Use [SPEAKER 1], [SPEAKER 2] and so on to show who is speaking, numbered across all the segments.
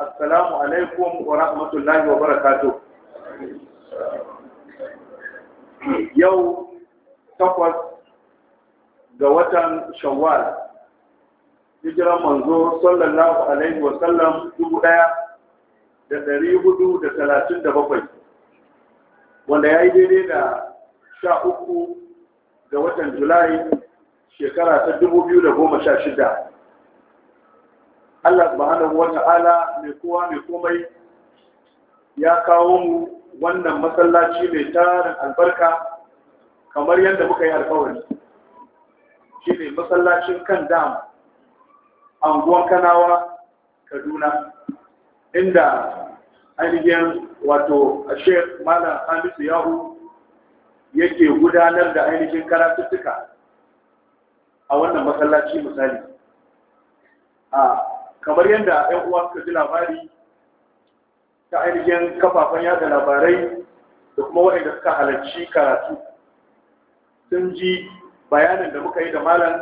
[SPEAKER 1] assalamu alaikum wa rahmatullahi wa barakatu yau takwas ga watan shawwal hijiran manzo sallallahu alaihi wa sallam dubu daya da dari hudu da talatin da bakwai wanda ya yi daidai da sha uku ga watan julai shekara ta dubu biyu da goma sha shida Allah subhanahu wa ta'ala mai kowa mai komai ya kawo mu wannan masallaci mai tarin albarka kamar yadda muka yi alkawari shi ne masallacin kan dam anguwan kanawa kaduna inda ainihin wato a sheik malam hamisu yahu yake gudanar da ainihin karatuttuka a wannan masallaci misali a kamar yadda 'yan uwa suka ji labari ta ainihin kafafen yada labarai da kuma waɗanda suka halarci karatu sun ji bayanin da muka yi da malam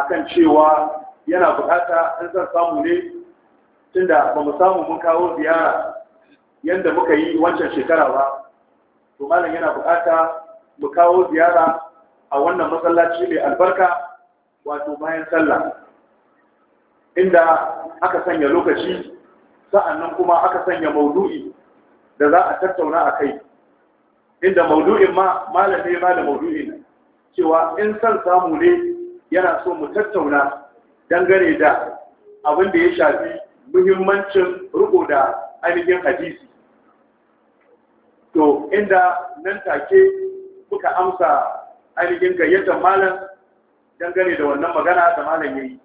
[SPEAKER 1] akan cewa yana bukata in zan samu ne tunda ba mu samu mun kawo ziyara yadda muka yi wancan shekara ba to malam yana bukata mu kawo ziyara a wannan masallaci mai albarka wato bayan sallah inda aka sanya lokaci sa'annan kuma aka sanya maudu'i da za a tattauna a kai inda maudu'in ma malami ba da maudu'in cewa in san samu ne yana so mu tattauna dangane da abin da ya shafi muhimmancin riko da ainihin hadisi to inda nan take muka amsa ainihin gayyatar malam dangane da wannan magana da malam ya yi.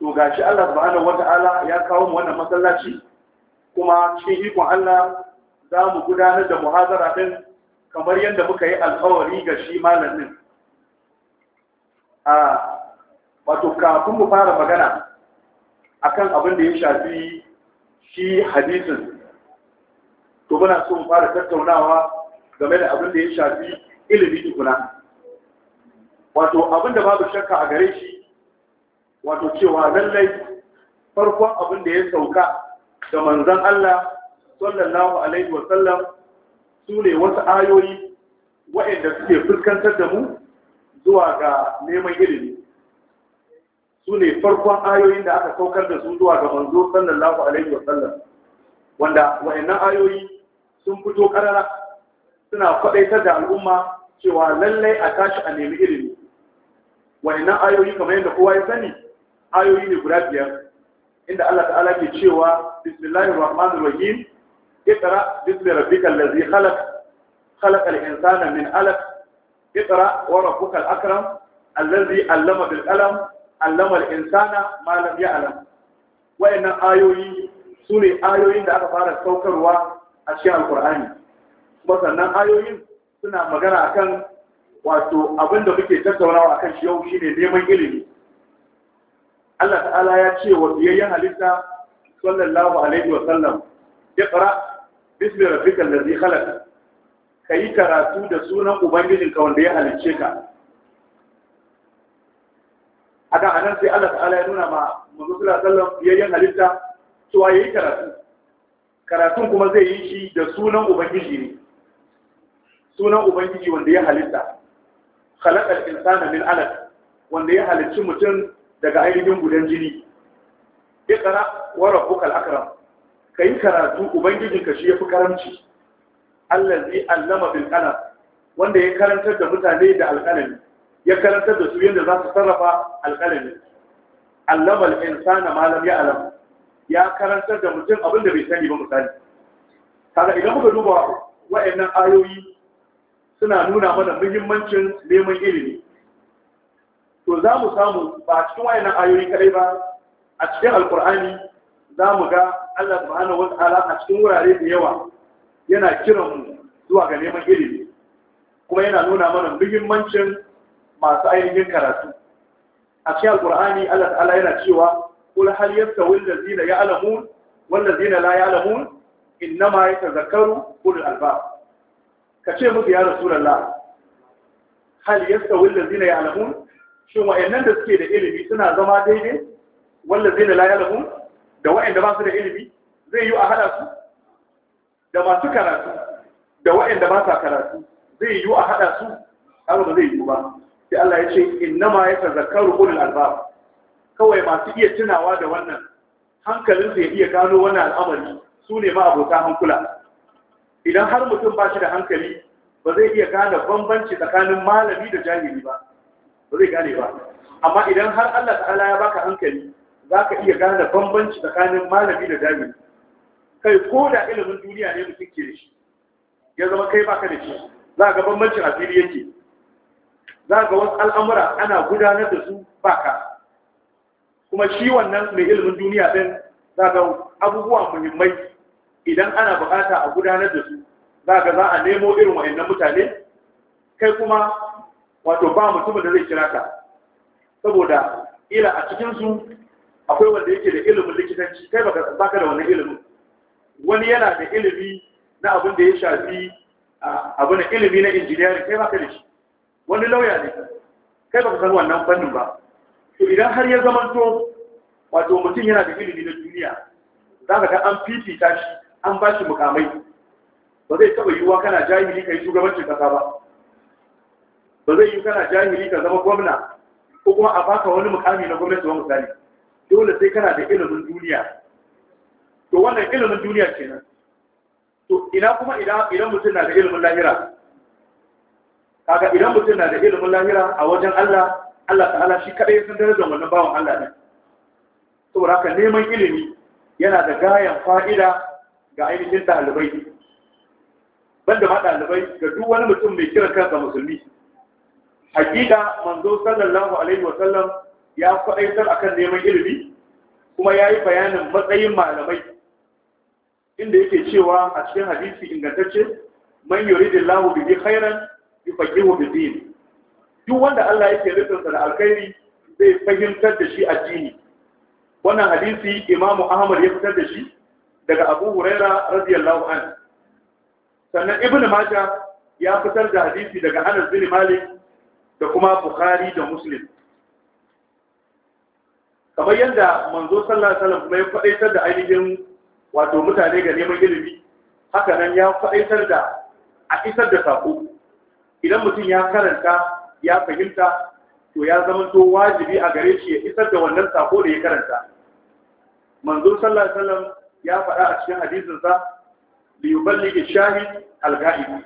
[SPEAKER 1] to gashi Allah subhanahu wata'ala ya kawo mu wannan masallaci kuma cikin ikon Allah za mu gudanar da muhazara din kamar yadda muka yi alkawari ga shi malamin a wato kafin mu fara magana akan abin da ya shafi shi hadisin to muna so mu fara tattaunawa game da abin da ya shafi ilimi tukuna wato abin da babu shakka a gare shi wato cewa lallai farkon abin da ya sauka da manzan Allah sallallahu alaihi wasallam su ne wasu ayoyi waɗanda suke fuskantar da mu zuwa ga neman ilimi su ne farkon ayoyin da aka saukar da su zuwa ga manzo sallallahu alaihi wasallam wanda waɗannan ayoyi sun fito ƙarara suna faɗaitar da al'umma cewa lallai a tashi a nemi ilimi waɗannan ayoyi kamar yadda kowa ya sani ayoyi ne guda biyar inda Allah ta'ala ke cewa bismillahir rahmanir rahim اقرا باسم insana min خلق خلق الانسان من علق اقرا وربك الاكرم الذي allama بالقلم علم الانسان ما لم يعلم وان ayoyi sune ayoyin da aka fara saukarwa a cikin alkur'ani kuma sannan ayoyin suna magana akan wato abinda muke tattaunawa akan shi yau shine neman ilimi Allah ta'ala ya ce wa biyayyen halitta sallallahu alaihi wa sallam iqra bismi rabbikal ladzi khalaq kai karatu da sunan ubangijinka wanda ya halicce ka haka anan sai Allah ta'ala ya nuna ma manzo sallallahu alaihi wa biyayyen halitta cewa yayi karatu karatun kuma zai yi shi da sunan ubangiji ne sunan ubangiji wanda ya halitta khalaqal insana min alaq wanda ya halicci mutum daga ainihin gudan jini ikara wa rabbuka akaram Ka yi karatu ubangijinka shi ya fi karamci allazi allama bin qalam wanda ya karantar da mutane da alqalami ya karantar da su yadda za su sarrafa alqalami allama al malam ma ya karantar da mutum abin da bai sani ba misali kaga idan muka duba wa'annan ayoyi suna nuna mana muhimmancin neman ilimi to za mu samu ba a cikin wayannan ayoyi kadai ba a cikin alkur'ani za mu ga Allah subhanahu wa ta'ala a cikin wurare da yawa yana kiran mu zuwa ga neman ilimi kuma yana nuna mana muhimmancin masu ainihin karatu a cikin alkur'ani Allah ta'ala yana cewa kul hal yastawi allazina ya'lamun wallazina la ya'lamun innama yatazakkaru ulul albab kace musu ya rasulullah hal yastawi allazina ya'lamun shin wa'annan da suke da ilimi suna zama daidai wanda zai da layalamu da wa'anda ba su da ilimi zai yi a hada su da masu karatu da wa'anda ba sa karatu zai yi a hada su abu ba zai yi ba sai Allah ya ce innama ya tazakkaru ulul albab kawai masu iya tunawa da wannan hankalin su ya iya gano wannan al'amari su ne ma abota hankula idan har mutum ba shi da hankali ba zai iya gane bambanci tsakanin malami da jahili ba ba zai gane ba amma idan har Allah ta'ala ya baka hankali za ka iya gane bambanci tsakanin malami da jami'i kai ko da ilimin duniya ne mutum ke da shi ya zama kai baka da shi za ga bambancin asiri yake za ga wasu al'amura ana gudanar da su baka kuma shi wannan mai ilimin duniya din za ga abubuwa muhimmai idan ana bukata a gudanar da su za ga za a nemo irin wa'annan mutane kai kuma wato ba mutumin da zai kira ka saboda ila a cikin su akwai wanda yake da ilimin likitanci kai baka baka da wannan ilimin wani yana da ilimi na abin da ya shafi abin da ilimi na engineering kai baka da shi wani lauya ne kai baka san wannan fannin ba to idan har ya zamanto wato mutum yana da ilimi na duniya za ka ga an fifita shi an ba shi mukamai ba zai taɓa yiwuwa kana jahili ka yi shugabancin kasa ba ba zai yi kana jahili ka zama gwamna ko kuma a baka wani mukami na gwamnati wa misali dole sai kana da ilimin duniya to wannan ilimin duniya kenan to ina kuma idan mutum na da ilimin lahira kaga idan mutum na da ilimin lahira a wajen Allah Allah ta'ala shi kadai ya san darajar wannan bawan Allah ne saboda haka neman ilimi yana da gayan fa'ida ga ainihin ɗalibai banda ma ɗalibai ga duk wani mutum mai kiran kansa musulmi hakika manzo sallallahu alaihi wa sallam ya faɗaitar akan neman ilimi kuma yayi bayanin matsayin malamai inda yake cewa a cikin hadisi ingantacce man yuridillahu bihi khairan yufaqihu bid-din duk wanda Allah yake rubuta da alkhairi zai fahimtar da shi addini wannan hadisi Imam Ahmad ya fitar da shi daga Abu Huraira radiyallahu anhu sannan Ibn Majah ya fitar da hadisi daga Anas bin Malik da kuma bukhari da muslim kamar yadda manzo sallallahu alaihi wasallam kuma ya faɗaitar da ainihin wato mutane ga neman ilimi haka nan ya faɗaitar da a isar da sako idan mutum ya karanta ya fahimta to ya zama to wajibi a gare shi ya isar da wannan sako da ya karanta manzo sallallahu alaihi ya faɗa a cikin hadisin sa li yuballighi shahid al-ghaib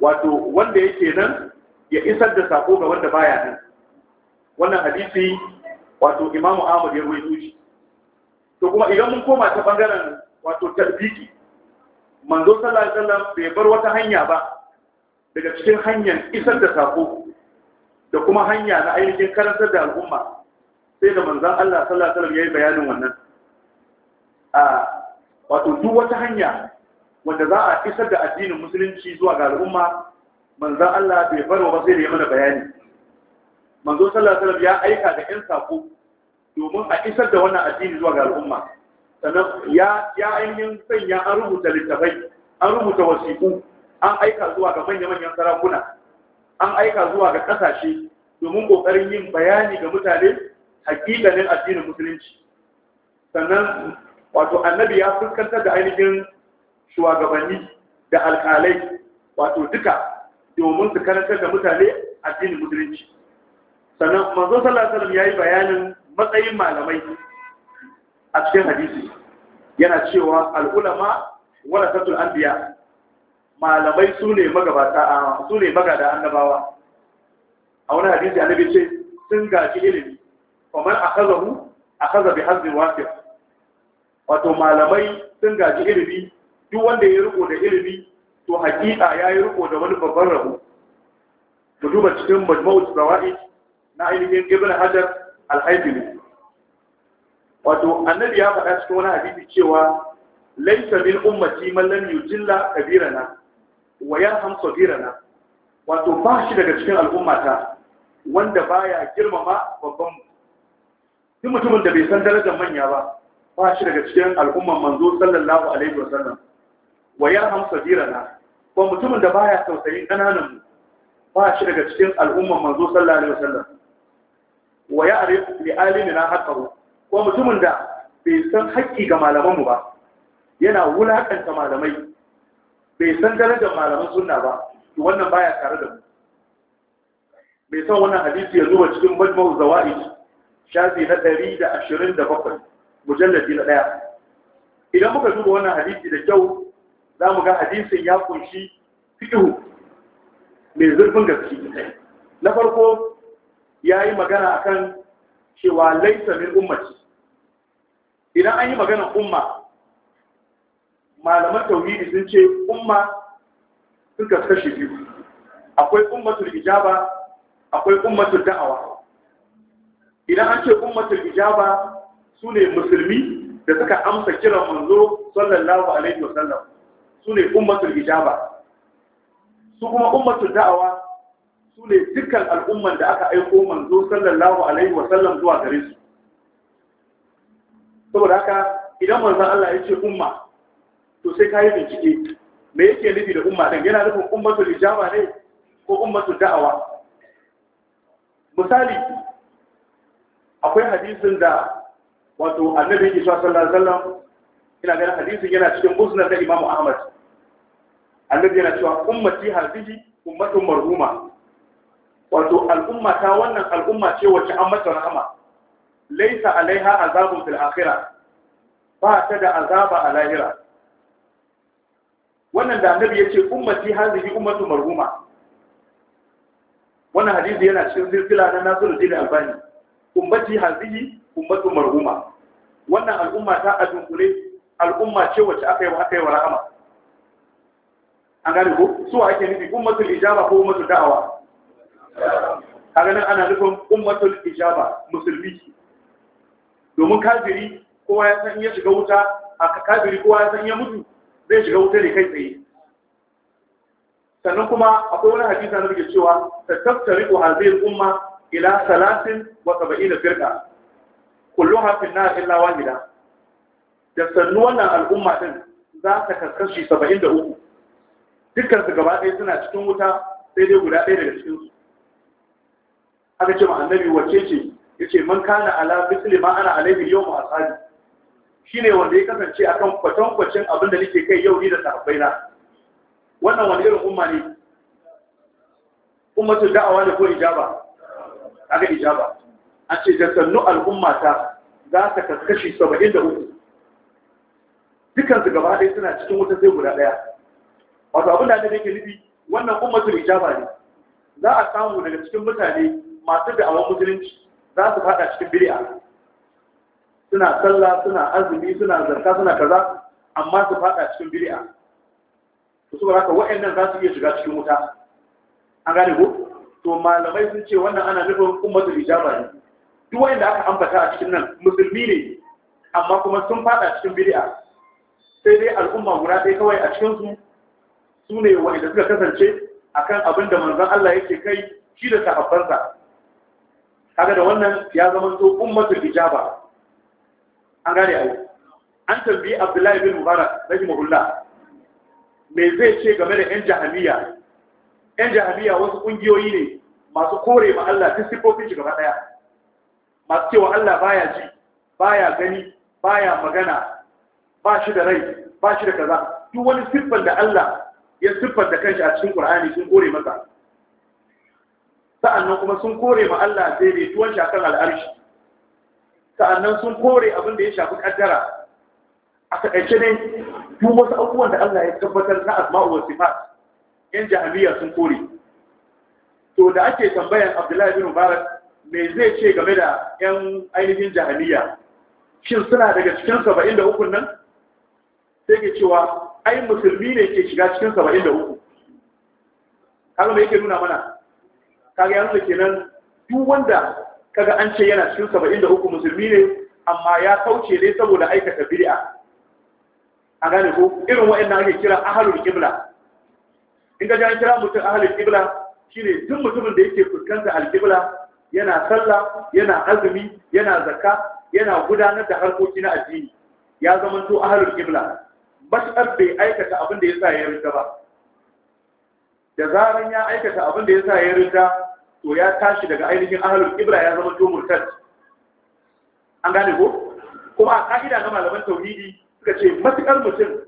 [SPEAKER 1] wato wanda yake nan ya isar da sako ga wanda baya nan wannan hadisi wato imamu ahmad ya ruwaito shi to kuma idan mun koma ta bangaren wato talbiki manzo sallallahu alaihi wasallam bai bar wata hanya ba daga cikin hanyar isar da sako da kuma hanya na ainihin karantar da al'umma sai da manzon Allah sallallahu alaihi wasallam yayi bayanin wannan a wato duk wata hanya wanda za a isar da addinin musulunci zuwa ga al'umma manzo Allah bai bar wa sai da ya mana bayani manzo sallallahu alaihi ya aika da ƴan sako domin a isar da wannan addini zuwa ga al'umma sannan ya ya ainihin sanya an rubuta littafai an rubuta wasiƙu an aika zuwa ga manya-manyan sarakuna an aika zuwa ga ƙasashe domin ƙoƙarin yin bayani ga mutane hakikanin addinin musulunci sannan wato annabi ya fuskantar da ainihin shugabanni da alƙalai wato duka domin su karantar da mutane addinin musulunci sannan manzo sallallahu alaihi wasallam yayi bayanin matsayin malamai a cikin hadisi yana cewa al-ulama warasatul anbiya malamai su ne magabata su ne magada annabawa a wani hadisi annabi ce sun gaji ilimi kamar akazahu akaza bi hazzin wafir wato malamai sun gaji ilimi duk wanda ya riko da ilimi to hakika ya yi riko da wani babban rabo mu duba cikin majmu'ul fawaid na ainihin ibn hajar al haibili wato annabi ya faɗa cikin wani hadisi cewa laysa min ummati man lam yujilla kabirana wa yarham sabirana wato ba shi daga cikin al'ummata wanda baya girmama babban duk mutumin da bai san darajar manya ba ba shi daga cikin al'umman manzo sallallahu alaihi wasallam wa yarham sabirana ko mutumin da baya tausayin kananan mu ba shi daga cikin al'umman manzo sallallahu alaihi wasallam wa ya'rif li alimina haqqahu ko mutumin da bai san haƙƙi ga malaman mu ba yana wulakanta malamai bai san darajar malaman sunna ba to wannan baya tare da mu bai san wannan hadisi ya zuba cikin majmu'u zawaid shafi na 127 mujallad na 1 idan muka duba wannan hadisi da kyau za mu ga hadisin ya kunshi fiƙihu mai zurfin gaske na farko ya yi magana a kan cewa laisa min ummaci idan an yi magana umma malaman tauhidi sun ce umma sun kaskashe biyu akwai ummatul ijaba akwai ummatul da'awa idan an ce ummatul ijaba su ne musulmi da suka amsa kiran manzo sallallahu alaihi wasallam su ne ummatul ijaba su kuma ummatul da'awa su ne dukkan al'umman da aka aiko manzo sallallahu alaihi wa sallam zuwa gare su saboda haka idan manzo Allah ya ce umma to sai ka yi bincike me yake nufi da umma Dan yana nufin ummatul ijaba ne ko ummatul da'awa misali akwai hadisin da wato annabi Isa sallallahu alaihi sallam ina ganin hadisin yana cikin musnad da Imam Ahmad annabi yana cewa ummati hadhihi ummatun marhuma wato al'umma ta wannan al'umma ce wacce an mata rahama laysa alaiha azabun fil akhirah ba ta da azaba a lahira wannan da annabi yace ummati hadhihi ummatun marhuma wannan hadisi yana cikin silsila na Nasiruddin Albani ummati hadhihi ummatun marhuma wannan al'umma ta adunkule al'umma ce wacce aka yi wa rahama an gane ko su ake nufi ummatul ijaba ko ummatul da'awa a ganin ana nufin ummatul ijaba musulmi domin kafiri kowa ya san ya shiga wuta a kafiri kowa ya san ya mutu zai shiga wuta ne kai tsaye sannan kuma akwai wani hadisi na rike cewa ta tattari ko hazin umma ila salatin wa saba'ina firqa kulluha fi nar illa wahida da sannu wannan al'umma din za ta kaskashi 73 dukkan su gaba ɗaya suna cikin wuta sai dai guda ɗaya daga cikin su aka ce ma annabi wacce ce ce man kana ala misli ma ana alaihi yawma Shi shine wanda ya kasance akan kwacen kwacen abin da nake kai yau ni da na wannan wani irin umma ne sun da'awa ne ko ijaba aka ijaba A ce da sannu al'umma ta za ta kaskashi uku. dukansu gaba ɗaya suna cikin wuta sai guda ɗaya wato abin da annabi yake nufi wannan ummatul ijaba ne za a samu daga cikin mutane masu da'awar musulunci za su fada cikin bid'a suna sallah suna azumi suna zakka suna kaza amma su fada cikin bid'a to su haka wa'annan za su iya shiga cikin wuta an gane ko to malamai sun ce wannan ana nufin ummatul ijaba ne duk wanda aka ambata a cikin nan musulmi ne amma kuma sun fada cikin bid'a sai dai al'umma guda ɗaya kawai a cikin su su ne wanda suka kasance a kan abin da manzon Allah yake kai shi da sahabbansa kaga da wannan ya zama to ummatul hijaba. an gane ai an tambayi Abdullahi bin Mubarak na mahulla me zai ce game da yan jahamiya yan jahamiya wasu ƙungiyoyi ne masu kore ma Allah ta sifofin shi gaba daya masu cewa Allah baya ji baya gani baya magana ba shi da rai ba shi da kaza duk wani siffar da Allah ya da kanshi a cikin ƙur'ani sun kore masa sa'annan kuma sun kore ma Allah zai ne tuwon akan al'arshi sa'annan sun kore abin da ya shafi ƙaddara. a taƙaice ne tu wasu abubuwan da Allah ya tabbatar na asma'u wa sifat yan jahiliya sun kore to da ake tambayan Abdullahi bin Mubarak me zai ce game da yan ainihin jahiliya shin suna daga cikin saba'in da hukun nan sai ke cewa ai musulmi ne ke shiga cikin saba'in da uku kaga me yake nuna mana kaga yanzu da kenan duk wanda kaga an ce yana cikin saba'in da uku musulmi ne amma ya kauce ne saboda aikata bidi'a. a gane ko irin wa'annan ake kira ahlul qibla in ka ji an kira mutum ahlul qibla shine duk mutumin da yake fuskanta alqibla yana sallah yana azumi yana zakka yana gudanar da harkoki na addini ya zama to ahlul qibla matuƙar bai aikata abin da ya sa ya rinda ba da zaran ya aikata abin da ya sa ya rinda to ya tashi daga ainihin ahalul ibra ya zama tas an gane ko kuma a ka'ida na malaman tauhidi suka ce matuƙar mutum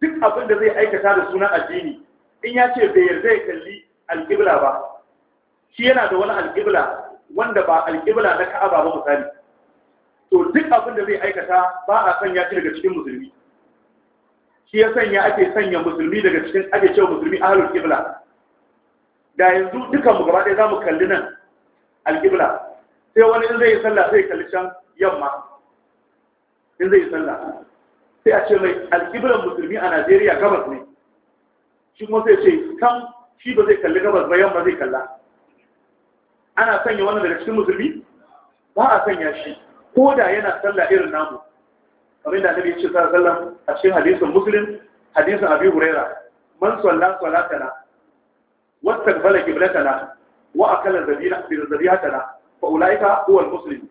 [SPEAKER 1] duk abin da zai aikata da sunan addini in ya ce bai yarda ya kalli alƙibla ba shi yana da wani alƙibla wanda ba alƙibla na ka'aba ba misali to duk abin da zai aikata ba a sanya shi daga cikin musulmi shi ya sanya ake sanya musulmi daga cikin ake cewa musulmi ahlul qibla da yanzu dukan mu gaba ɗaya zamu kalli nan alqibla sai wani in zai yi sallah sai kalli can yamma in zai yi sallah sai a ce mai alqiblan musulmi a Najeriya gabas ne shi kuma sai ce kan shi ba zai kalli gabas ba yamma zai kalla ana sanya wannan daga cikin musulmi ba a sanya shi ko da yana sallah irin namu kamar da annabi ya ce sallallahu alaihi a cikin hadisin muslim hadisin abi huraira man salla salatana wa taqbala qiblatana wa akala zabina bi zabihatana fa ulaika huwa almuslim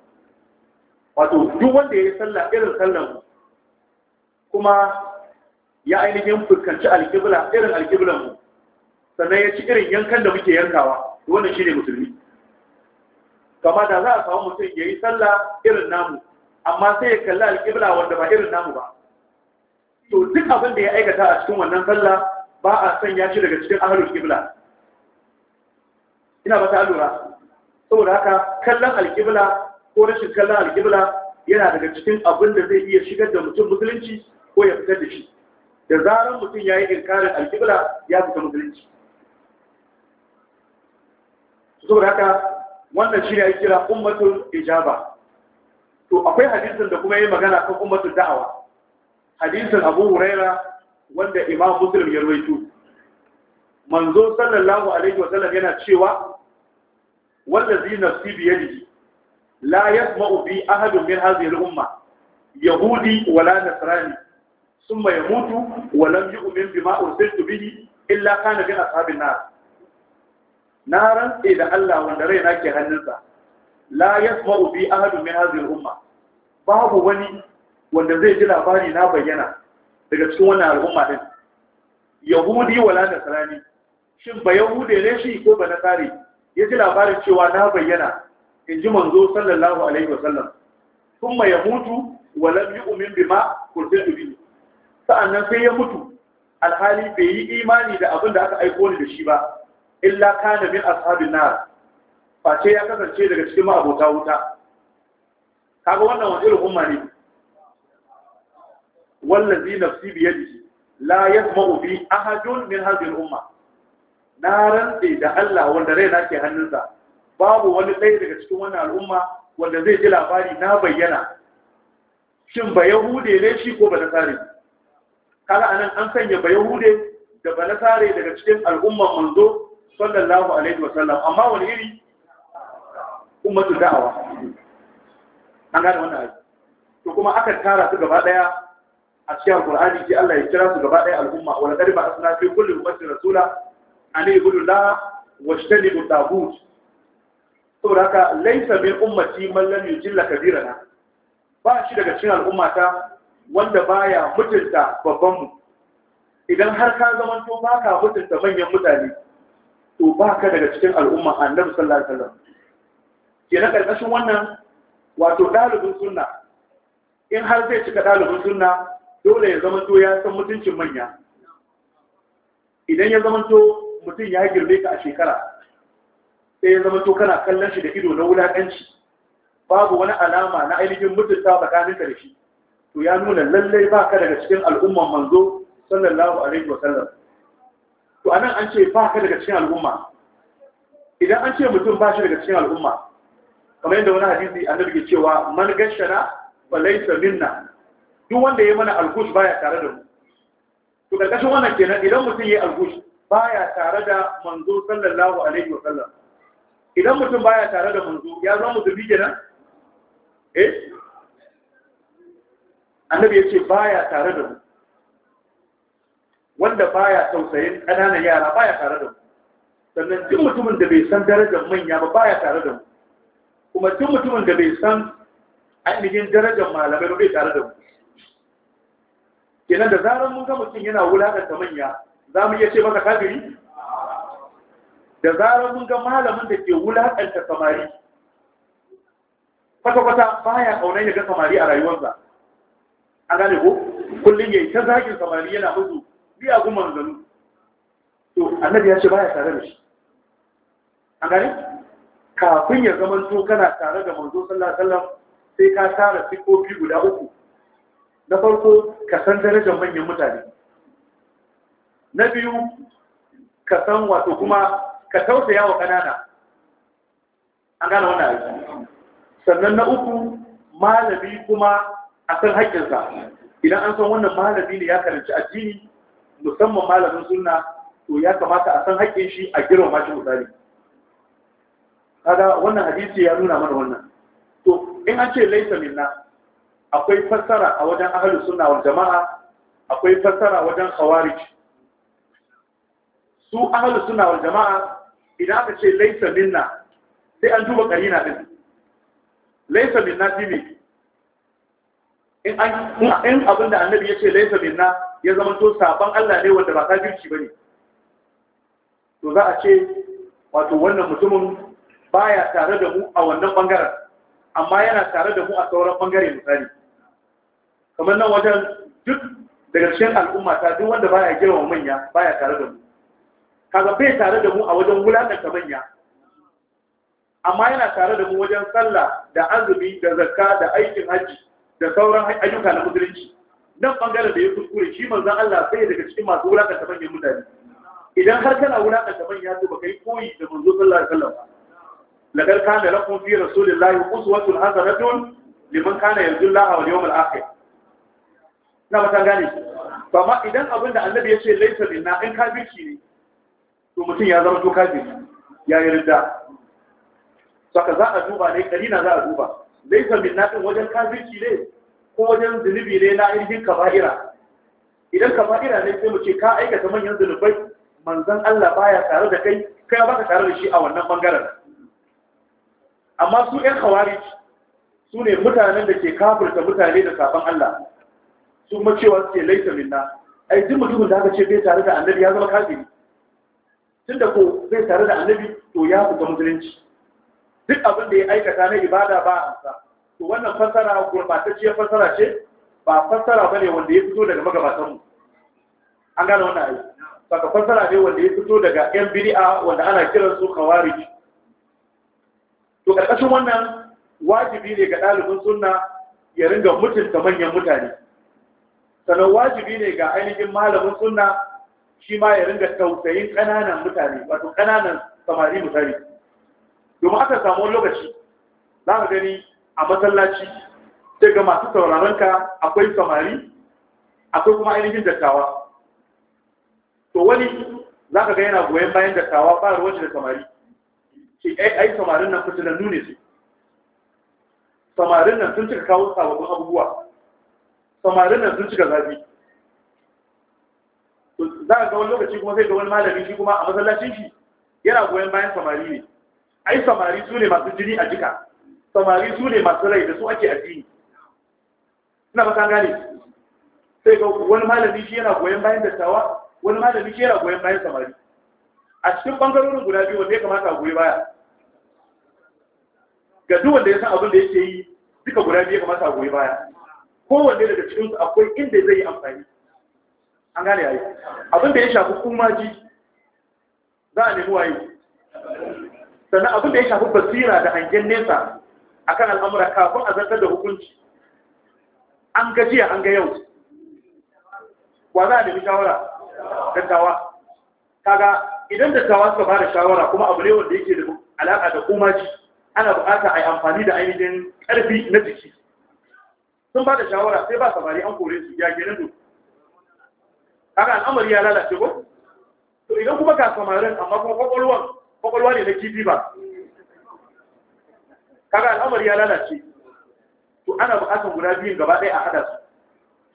[SPEAKER 1] wato duk wanda yayi sallah irin sallan kuma ya ainihin fuskanci alqibla irin alqiblan mu sannan ya ci irin yankan da muke yankawa wannan shine musulmi kama da za a samu mutum ya yi sallah irin namu amma sai ya kalli alƙibla wanda ba irin namu ba to duk abin da ya aikata a cikin wannan sallah ba a sanya shi daga cikin ahlul qibla ina ba ta lura saboda haka kallon alƙibla ko rashin kallon alƙibla yana daga cikin abin da zai iya shigar da mutum musulunci ko ya fitar da shi da zarar mutum ya yi inkarin alƙibla ya fita musulunci saboda haka wannan shi ne ya kira ummatul ijaba to akwai hadisin da kuma yi magana kan ummatu da'awa hadisin Abu Huraira wanda Imam Muslim ya rawaito manzo sallallahu alaihi wasallam yana cewa wallazi nafsi bi yadihi la yasma'u bi ahadun min hadhihi al-umma yahudi wala nasrani thumma yamutu wa lam yu'min bima ursiltu bihi illa kana min ashabin nar na rantse da Allah wanda raina ke hannunsa la yasmaru bi ahadun min hadhihi al-umma babu wani wanda zai ji labari na bayyana daga cikin wannan al'umma din yahudi wala nasrani shin ba yahude ne shi ko ba nasari ya ji labarin cewa na bayyana in ji manzo sallallahu alaihi wasallam kuma ya mutu wa lam yu'min bima kuntu bihi sa'annan sai ya mutu alhali bai yi imani da abin da aka aiko ni da shi ba illa kana min ashabin nar face ya kasance daga cikin ma'abota wuta kaga wannan wani irin umma ne wallazi nafsi biyadihi la yasma'u bi ahadun min hadhihi al-umma na rantse da Allah wanda raina ke hannunsa babu wani ɗaya daga cikin wannan al'umma wanda zai ji labari na bayyana shin ba yahude ne shi ko ba nasare kaga anan an sanya ba yahude da ba nasare daga cikin al'umman manzo sallallahu alaihi wasallam amma wani iri ummatu da'awa an gane wannan ayi to kuma aka tara su gaba daya a cikin qur'ani ji Allah ya kira su gaba daya al'umma wala qad asna fi kulli ummati rasula ani yaqulu la wajtanibu tabut saboda haka laysa bi ummati man lam yujilla kabirana ba shi daga cikin al'ummata wanda baya mutunta babban mu idan har ka zama to baka mutunta manyan mutane to ba ka daga cikin al'umma annabi sallallahu alaihi wasallam ke na ƙarƙashin wannan wato ɗalibin sunna in har zai cika ɗalibin sunna dole ya zama to ya san mutuncin manya idan ya zama to mutum ya girbe ka a shekara sai ya zama to kana kallon shi da ido na wulaƙanci babu wani alama na ainihin mutunta tsakaninka da shi to ya nuna lallai ba ka daga cikin al'umman manzo sallallahu alaihi sallam to anan an ce ba ka daga cikin al'umma idan an ce mutum ba shi daga cikin al'umma kamar yadda wani hadisi annabi ke cewa man gashana fa laysa minna duk wanda ya mana algush baya tare da mu to karkashin wannan kenan idan mutum yayi algush baya tare da manzo sallallahu alaihi wa sallam idan mutum baya tare da manzo ya zama dubi kenan eh annabi ya ce baya tare da mu wanda baya tausayin ƙananan yara baya tare da mu sannan duk mutumin da bai san darajar manya ba baya tare da mu kuma tun mutumin da bai san ainihin darajar malamai ba bai tare da mu kenan da zarar mun ga mutum yana wulakanta manya za mu iya ce maka kafiri da zarar mun ga malamin da ke wulakanta samari kwata-kwata ya kaunar ya ga samari a rayuwarsa a gane ko kullum ya yi ta zagin samari yana musu miyagun manzanu to annabi ya ce ba ya tare da shi a gane kafin ya zama to kana tare da manzo sallallahu alaihi wasallam sai ka tara sifofi guda uku na farko ka san darajar manyan mutane na biyu ka san wato kuma ka tausaya wa kanana an gane wannan aiki sannan na uku malami kuma a san haƙƙinsa idan an san wannan malami ne ya karanci addini musamman malamin sunna to ya kamata a san haƙƙin shi a girma shi misali kaga wannan hadisi ya nuna mana wannan to in an ce laisa minna akwai fassara a wajen ahlus sunna wal jama'a akwai fassara wajen khawarij su ahlus sunna wal jama'a idan aka ce laisa minna sai an duba karina din laisa minna dimi in an in abinda annabi ya ce laisa minna ya zama to saban Allah ne wanda ba kafirci bane to za a ce wato wannan mutumin baya tare da mu a wannan bangaren amma yana tare da mu a sauran bangare misali kamar nan wajen duk daga cikin al'umma ta duk wanda baya girma manya baya tare da mu kaga bai tare da mu a wajen wulakanta manya amma yana tare da mu wajen sallah da azumi da zakka da aikin haji da sauran ayyuka na musulunci nan bangaren da ya kuskure shi manzon Allah sai daga cikin masu wulakanta manyan mutane idan har kana wulakanta manya to baka yi koyi da Allah sallallahu alaihi wasallam لقد كان لكم في رسول الله قصوة حسنة liman كان yanzu الله واليوم الآخر akhir na gane ba idan abin annabi ya ce laisa binna in زرجو ne to mutum ya zama to kafiri ya yi ridda لنا za a duba ne ko wajen zunubi ne na irin kaba'ira idan kaba'ira ne sai mu ce ka aikata manyan zunubai manzon Allah baya tare da kai kai ba ka tare da shi a wannan bangaren amma su ƴan khawarij su ne mutanen da ke kafirta mutane da sabon Allah su ma cewa suke laita minna ai duk mutumin da aka ce bai tare da annabi ya zama kafiri tunda ko bai tare da annabi to ya fita musulunci duk abin da ya aikata na ibada ba a sa to wannan fassara gurbatacciyar fassara ce ba fassara ne wanda ya fito daga magabatanmu an gane wannan ayi saka fassara ne wanda ya fito daga yan bid'a wanda ana kiransu su khawarij to ƙarƙashin wannan wajibi ne ga ɗalibin sunna ya ringa mutunta manyan mutane sannan wajibi ne ga ainihin malamin sunna shi ma ya ringa tausayin ƙananan mutane wato ƙananan samari mutane domin aka samu lokaci za ka gani a masallaci sai ga masu sauraron ka akwai samari akwai kuma ainihin dattawa to wani za ka ga yana goyon bayan dattawa ba ruwan da samari ki ai samarin nan fitilannu ne su samarin nan sun cika kawo sababbin abubuwa samarin nan sun cika zafi za a ga wani lokaci kuma sai ga wani malami shi kuma a masallacin shi yana goyon bayan samari ne ai samari su ne masu jini a jika samari su ne masu rai da su ake addini ina ba san gane sai ga wani malami shi yana goyon bayan dattawa wani malami shi yana goyon bayan samari a cikin bangarorin guda biyu wanda ya kamata a goyi baya ga duk wanda ya san abin da yake yi duka guda biyu ya kamata a goyi baya kowanne daga cikin su akwai inda zai yi amfani an gane yayi abin da ya shafi kumaji za a nemi waye sannan abin da ya shafi basira da hangen nesa a kan al'amura kafin a zartar da hukunci an gajiya an ga yau wa za a nemi shawara dattawa kaga idan da tawa suka bada shawara kuma abu ne wanda yake da alaka da ci ana bukata a yi amfani da ainihin karfi na jiki sun bada shawara sai ba samari an kore su ya gina duk kaga al'amari ya lalace ko to idan kuma ka samarin amma kuma kwakwalwan kwakwalwa ne na kifi ba kaga al'amari ya lalace to ana bukatan guda biyun gaba ɗaya a haɗa su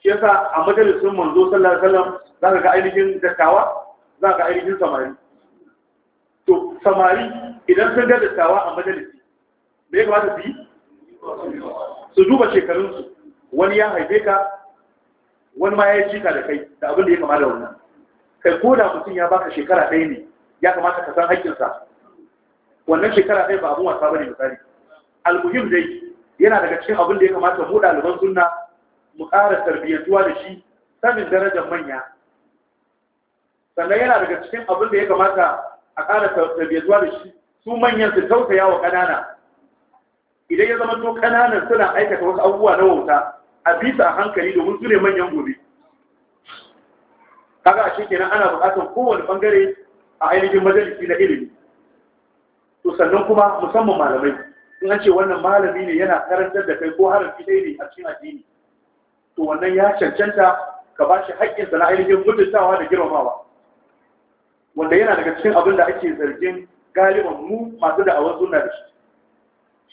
[SPEAKER 1] shi yasa a majalisun manzo sallallahu alaihi wasallam za ka ga ainihin dattawa za ka ga ainihin samari samari idan sun ga dattawa a majalisi me ya kamata su yi su duba shekarunsu wani ya haife ka wani ma ya yi cika da kai da abin da ya kamata wannan kai ko da mutum ya baka shekara ɗaya ne ya kamata ka san haƙƙinsa wannan shekara ɗaya ba abin wasa bane misali Al-muhim dai yana daga cikin abin da ya kamata mu ɗaliban sunna mu ƙara tarbiyyantuwa da shi sanin darajar manya sannan yana daga cikin abin da ya kamata a ƙara zuwa da shi su manyan su tausaya wa ƙanana idan ya zama to ƙananan suna aikata wasu abubuwa na wauta a bisa hankali domin su ne manyan gobe kaga a shi kenan ana buƙatar kowane ɓangare a ainihin majalisi na ilimi to sannan kuma musamman malamai in an ce wannan malami ne yana karantar da kai ko harin ɗaya ne a cikin addini to wannan ya cancanta ka ba shi haƙƙinsa na ainihin mutuntawa da girmamawa wanda yana daga cikin abin da ake zargin galiban mu masu da'awar suna da shi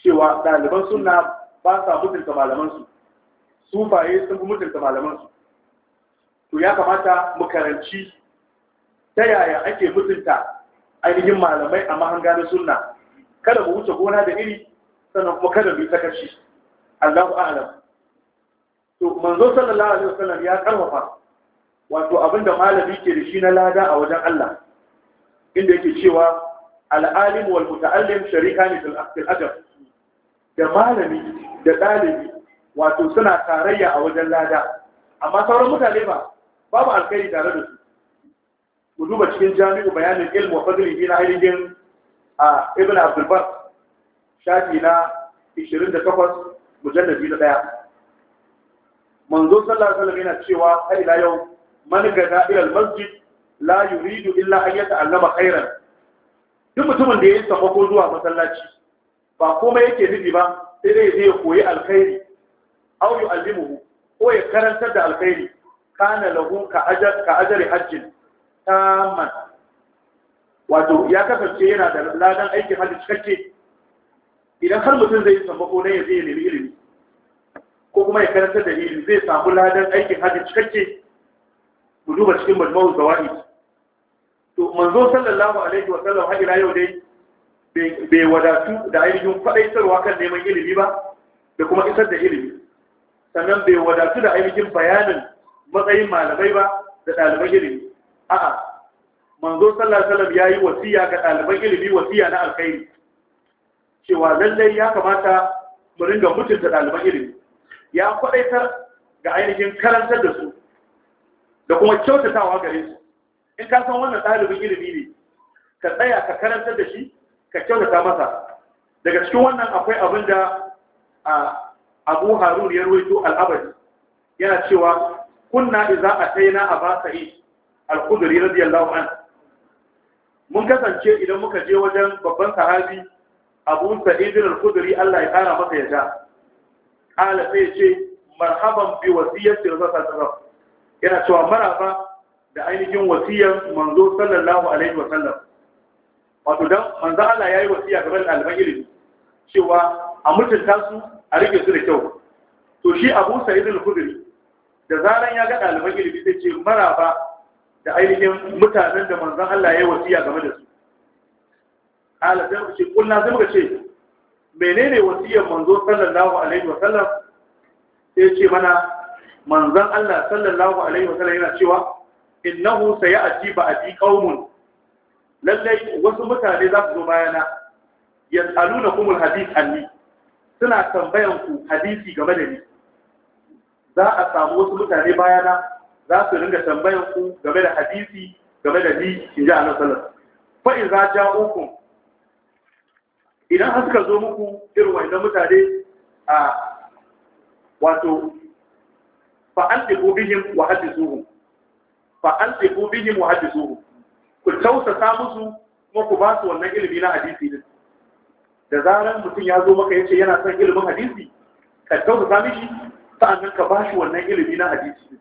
[SPEAKER 1] cewa ɗaliban suna ba sa mutunta malamansu faye sun fi mutunta malamansu to ya kamata mu karanci ta yaya ake mutunta ainihin malamai a mahangarin suna? kada mu wuce gona da iri sannan kuma kada mu yi sakaci Allahu a'lam to manzo sallallahu alaihi wasallam ya karfafa wato abinda malami ke da shi na lada a wajen Allah inda yake cewa al'alim wal muta'allim ne fil ajr da malami da ɗalibi wato suna tarayya a wajen lada amma sauran mutane ba babu alkhairi tare da su ku duba cikin jami'u bayanin ilmu wa fadlihi na ainihin a ibn abdulbar bar shafi na 28 mujallabi na ɗaya. manzo sallar alaihi yana cewa a ila yau man gada ilal masjid la yuridu illa an yata'allama khairan duk mutumin da ya sako ko zuwa masallaci ba komai yake nufi ba sai dai zai koyi alkhairi aw yu'allimuhu ko ya karantar da alkhairi kana lahu ka ajar ka ajari hajjin tamman wato ya kasance yana da ladan aikin hajji cikakke idan har mutum zai samu ko ne ya zai nemi ilimi ko kuma ya karantar da ilimi zai samu ladan aikin hajji cikakke Ku duba cikin majmu'ul zawaid to manzo sallallahu alaihi wa sallam har ila yau dai bai wadatu da ainihin faɗaitarwa kan neman ilimi ba da kuma isar da ilimi sannan bai wadatu da ainihin bayanin matsayin malamai ba da ɗaliban ilimi a'a manzo sallallahu alaihi ya yayi wasiya ga ɗaliban ilimi wasiya na alkhairi cewa lallai ya kamata mu ringa mutunta ɗaliban ilimi ya faɗaitar ga ainihin karantar da su da kuma kyautatawa gare su in ka san wannan ɗalibin ilimi ne ka tsaya ka karantar da shi ka kyautata masa daga cikin wannan akwai abin da abu harun ya ruwaito al'abari yana cewa kunna iza a na a basari al-khudri radiyallahu an mun kasance idan muka je wajen babban sahabi abu sa'idin al kuduri Allah ya kara masa ya ja. ala sai ce marhaban bi wasiyyati rasul sallallahu yana cewa maraba da ainihin wasiyar manzo sallallahu alaihi wa sallam wato dan manzo Allah yayi wasiya ga bal alban ilimi cewa a mutunta su a rike su da kyau to shi Abu Sa'id al-Khudri da zaran ya ga ɗaliban ilimi sai ce maraba da ainihin mutanen da manzo Allah yayi wasiya game da su ala sai ku ce kullun sai muka ce menene wasiyar manzo sallallahu alaihi wa sallam sai ce mana manzon Allah sallallahu alaihi wa sallam yana cewa innahu sayati ba'di qaumun lalle wasu mutane za su zo bayana yas'alunakum alhadith anni suna tambayan ku hadisi game da ni za a samu wasu mutane bayana za su ringa tambayan ku game da hadisi game da ni in ji Allah sallallahu alaihi wasallam fa ja'ukum idan har suka zo muku irin wannan mutane a wato fa bihim wa hadithuhum fa an tsibu bihi muhaddisuhu ku tausasa musu kuma ku ba su wannan ilimi na hadisi din da zaran mutum ya zo maka yace yana son ilimin hadisi ka tausasa mishi sa'annan ka ba shi wannan ilimi na hadisi din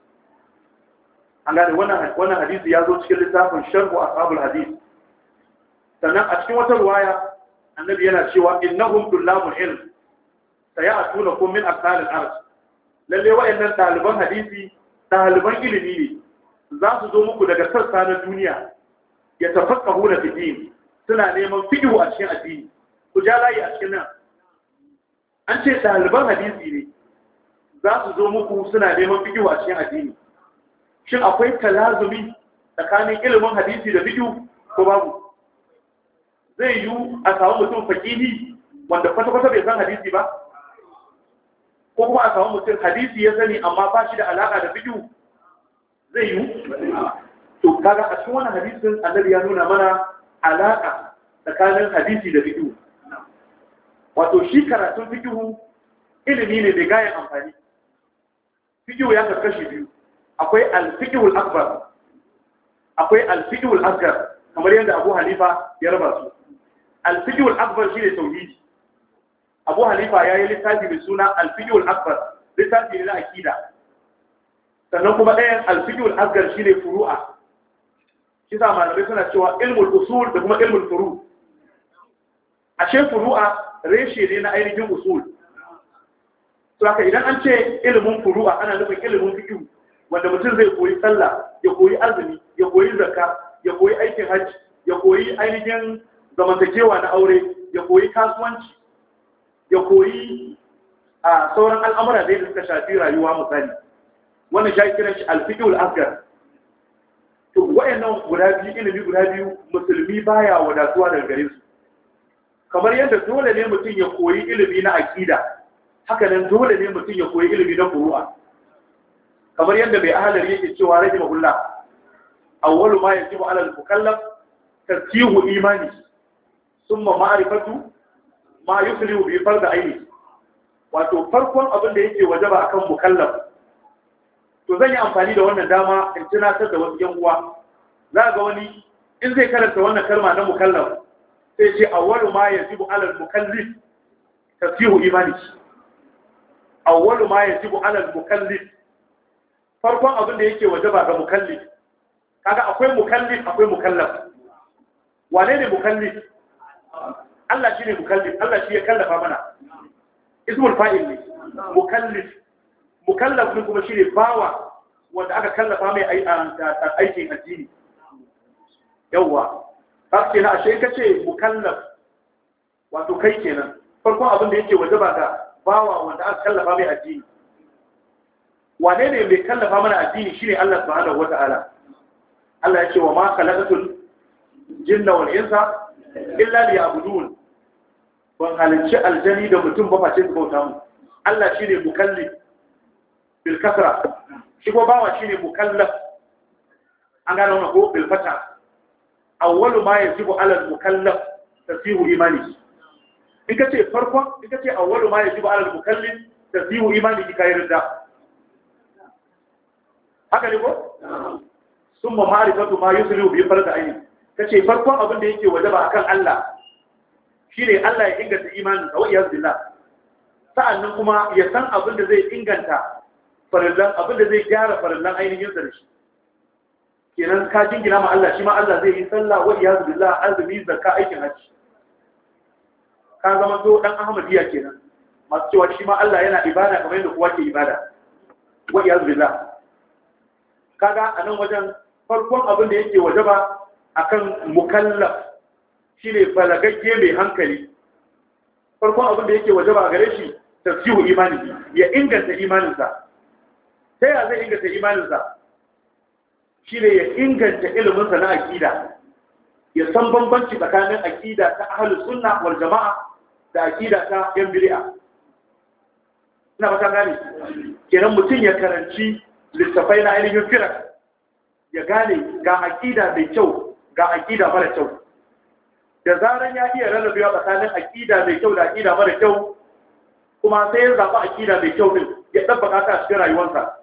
[SPEAKER 1] an gane wannan hadisi ya zo cikin littafin sharhu ashabul hadis sannan a cikin wata ruwaya annabi yana cewa innahum tullabul ilm sayatuna kum min aqsal al-ard lalle wa'annan taliban hadisi taliban ilimi ne za su zo muku daga sassa na duniya ya tafakka hula fiɗi suna neman fiɗihu a cikin addini ku ja layi a cikin nan an ce ɗaliban hadisi ne za su zo muku suna neman fiɗihu a cikin addini shin akwai talazumi tsakanin ilimin hadisi da fiɗihu ko babu zai yi a samu mutum fakihi wanda kwata-kwata bai san hadisi ba ko kuma a samu mutum hadisi ya sani amma ba shi da alaƙa da fiɗihu zai yi to kaga a cikin wannan hadisin annabi ya nuna mana alaka tsakanin hadisi da fiqh wato shi karatun fiqh ilimi ne da gayan amfani fiqh ya karkashi biyu akwai al-fiqh al-akbar akwai al-fiqh al-asghar kamar yadda Abu Hanifa ya raba su al-fiqh al-akbar shine tauhidi Abu Hanifa ya yi littafi mai suna al-fiqh al-akbar littafi ne na akida sannan kuma ɗayan alfiqul asgar ne furu'a shi sa malamai suna cewa ilmul usul da kuma ilmul furu ashe furu'a reshe ne na ainihin usul to haka idan an ce ilmin furu'a ana nufin ilmin fiki wanda mutum zai koyi sallah ya koyi azumi ya koyi zakka ya koyi aikin hajji ya koyi ainihin zamantakewa na aure ya koyi kasuwanci ya koyi a sauran al'amura da suka shafi rayuwa misali wannan shi kiran shi alfiqul asgar to wayannan guda biyu ilimi guda biyu musulmi baya wadatuwa daga gare su kamar yadda dole ne mutum ya koyi ilimi na aqida haka nan dole ne mutum ya koyi ilimi na furu'a kamar yadda bai ahalar yake cewa rahimahullah awwalu ma yajibu ala al-mukallaf tartihu imani thumma ma'rifatu ma yuslihu bi fard aini wato farkon abin da yake wajaba akan mukallaf to zan yi amfani da wannan dama in tunatar da wasu yan uwa za ga wani in zai karanta wannan kalma na mukallaf sai ce awwalu ma yajibu ala mukallif tasihu imani awwalu ma yajibu ala mukallif farkon abin da yake wajaba ga mukallif kaga akwai mukallif akwai mukallaf wane ne mukallif Allah shi ne mukallif Allah shi ya kallafa mana ismul fa'il ne mukallif mukallafin kuma shi ne bawa wanda aka kallafa mai aikin addini yawwa har ke na ashe ka ce mukallaf wato kai kenan farkon abin da yake wajaba ga bawa wanda aka kallafa mai addini wane ne mai kallafa mana addini shine Allah subhanahu wataala Allah yake wa ma khalaqatul jinna wal insa illa liya'budun ban halicci aljani da mutum ba face su bauta mu Allah shine mukallif bil kasra shi ko bawa shine mukallaf an gano na ko bil fata awwalu ma yajibu ala al mukallaf tasihu imani in kace farko in kace awwalu ma yajibu ala al mukallaf tasihu imani ki kai ridda haka ne ko summa ma'rifatu ma yuslihu bi farda ayi kace farkon abin da yake wajaba akan Allah shine Allah ya inganta imanin sa wa iyaz billah sa'annan kuma ya san abin da zai inganta farillan abin da zai gyara farillan ainihin da shi kenan ka jingina ma Allah shi ma Allah zai yi sallah wa iyazu billah azumi zakka aikin hajji ka zama so dan ahmadiyya kenan masu cewa shi ma Allah yana ibada kamar yadda kowa ke ibada wa ya billah kaga a nan wajen farkon abin da yake wajaba akan mukallaf shine balagagge mai hankali farkon abin da yake wajaba gare shi tasihu imani ya inganta imaninsa ta yi zai inganta imaninsa shi ne ya inganta iliminsa na aƙida ya san bambanci tsakanin aƙida ta ahalu sunna wal jama'a da aƙida ta yan bid'a ina ba ta gane kenan mutum ya karanci littafai na ainihin firar ya gane ga aƙida mai kyau ga aƙida mara kyau da zaran ya iya rarrabewa tsakanin aƙida mai kyau da aƙida mara kyau kuma sai ya zaɓi aƙida mai kyau din ya ɗabbaka a cikin rayuwarsa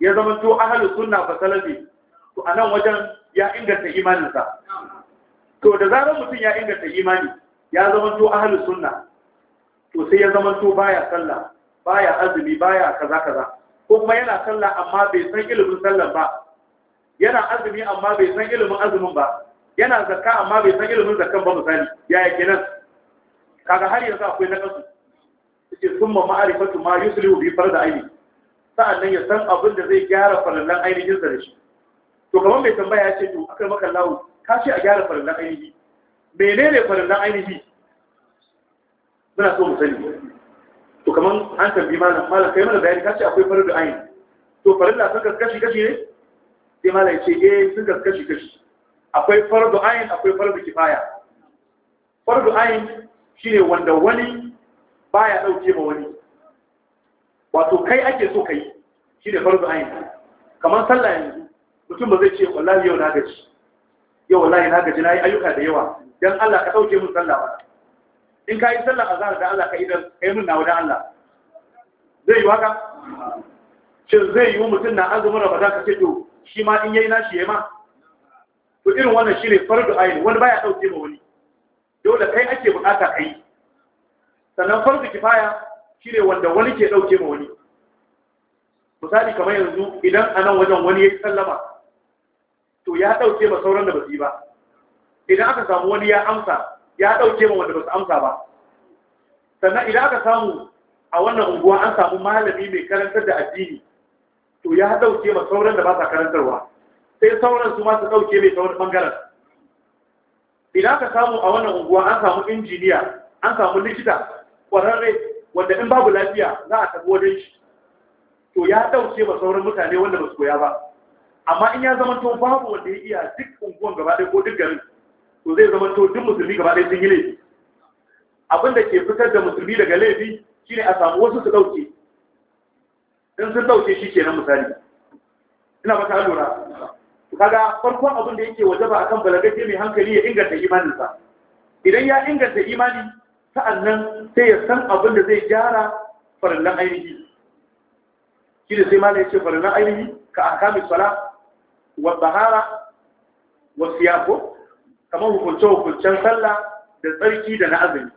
[SPEAKER 1] ya zama to ahalu sunna fa salafi to anan wajen ya inganta imaninsa to da zarar mutum ya inganta imani ya zama to ahalu sunna to sai ya zama to baya sallah baya azumi baya kaza kaza ko kuma yana sallah amma bai san ilimin sallan ba yana azumi amma bai san ilimin azumin ba yana zakka amma bai san ilimin zakkan ba misali yaya kenan kaga har yanzu akwai nakasu yace summa ma'arifatu ma yuslihu bi farda aini sa'annan ya san abin da zai gyara farallan ainihin da shi to kamar mai tambaya ya ce to akai maka lawo ka ce a gyara farallan ainihi menene farallan ainihi muna so mu sani to kamar an tambi malam malam kai mana bayani ka ce akwai da ainihi to farilla sun kaskashi kashi ne sai malam ya ce eh sun kaskashi kashi akwai da ayin akwai da kifaya fardu shi shine wanda wani baya ɗauke ma wani wato kai ake so kai shi ne farzu ayin kamar sallah yanzu mutum ba zai ce wallahi yau na gaji yau wallahi na gaji na yi ayyuka da yawa don Allah ka ɗauke min sallah ba in ka yi sallah a zara da Allah ka idan ka yi min nawa da Allah zai yi waka shin zai yi mutum na azumin ramadan ka ce to shi ma in yayi nashi yayi ma to irin wannan shi ne farzu ayin wani baya ɗauke ma wani dole kai ake bukata kai sannan farzu kifaya shi ne wanda wani ke ɗauke ma wani misali kamar yanzu idan a nan wajen wani ya sallama to ya ɗauke ma sauran da ba su yi ba idan aka samu wani ya amsa ya ɗauke ma wanda ba su amsa ba sannan idan aka samu a wannan unguwa an samu malami mai karantar da addini to ya ɗauke ma sauran da ba sa karantarwa sai sauran su ma su ɗauke mai sauran ɓangaren idan aka samu a wannan unguwa an samu injiniya an samu likita ƙwararre wanda in babu lafiya za a tafi wajen shi to ya dauce ba sauran mutane wanda ba su koya ba amma in ya zama to babu wanda ya iya duk unguwan gaba ɗaya ko duk garin to zai zama to duk musulmi gaba ɗaya sun yi laifi abin da ke fitar da musulmi daga laifi shine a samu wasu su dauke in sun dauke shi kenan misali ina ba ta lura kaga farkon abin da yake wajaba akan balagaje mai hankali ya inganta imaninsa idan ya inganta imani sa'annan sai ya san abin da zai gyara farallan ainihi shi sai sai malai ce farnan ainihi ka akamis sala wa bahara wa siyafo kamar hukunce-hukuncen sallah da tsarki da na azumi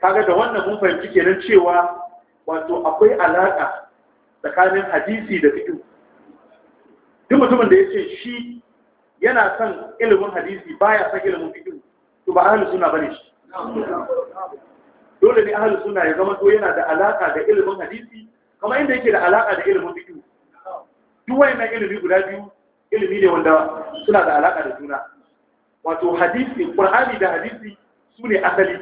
[SPEAKER 1] kaga da wannan mun fahimci kenan cewa wato akwai alaƙa tsakanin hadisi da fito duk mutumin da ya ce shi yana son ilimin hadisi baya son ilimin fito to ba ahalin suna bane shi dole ne ahalin suna ya zama to yana da alaƙa da ilimin hadisi Kama inda yake da alaka da ilimin fiqh duk na ilimi guda biyu ilimi ne wanda suna da alaka da juna wato hadisi qur'ani da hadisi su ne asali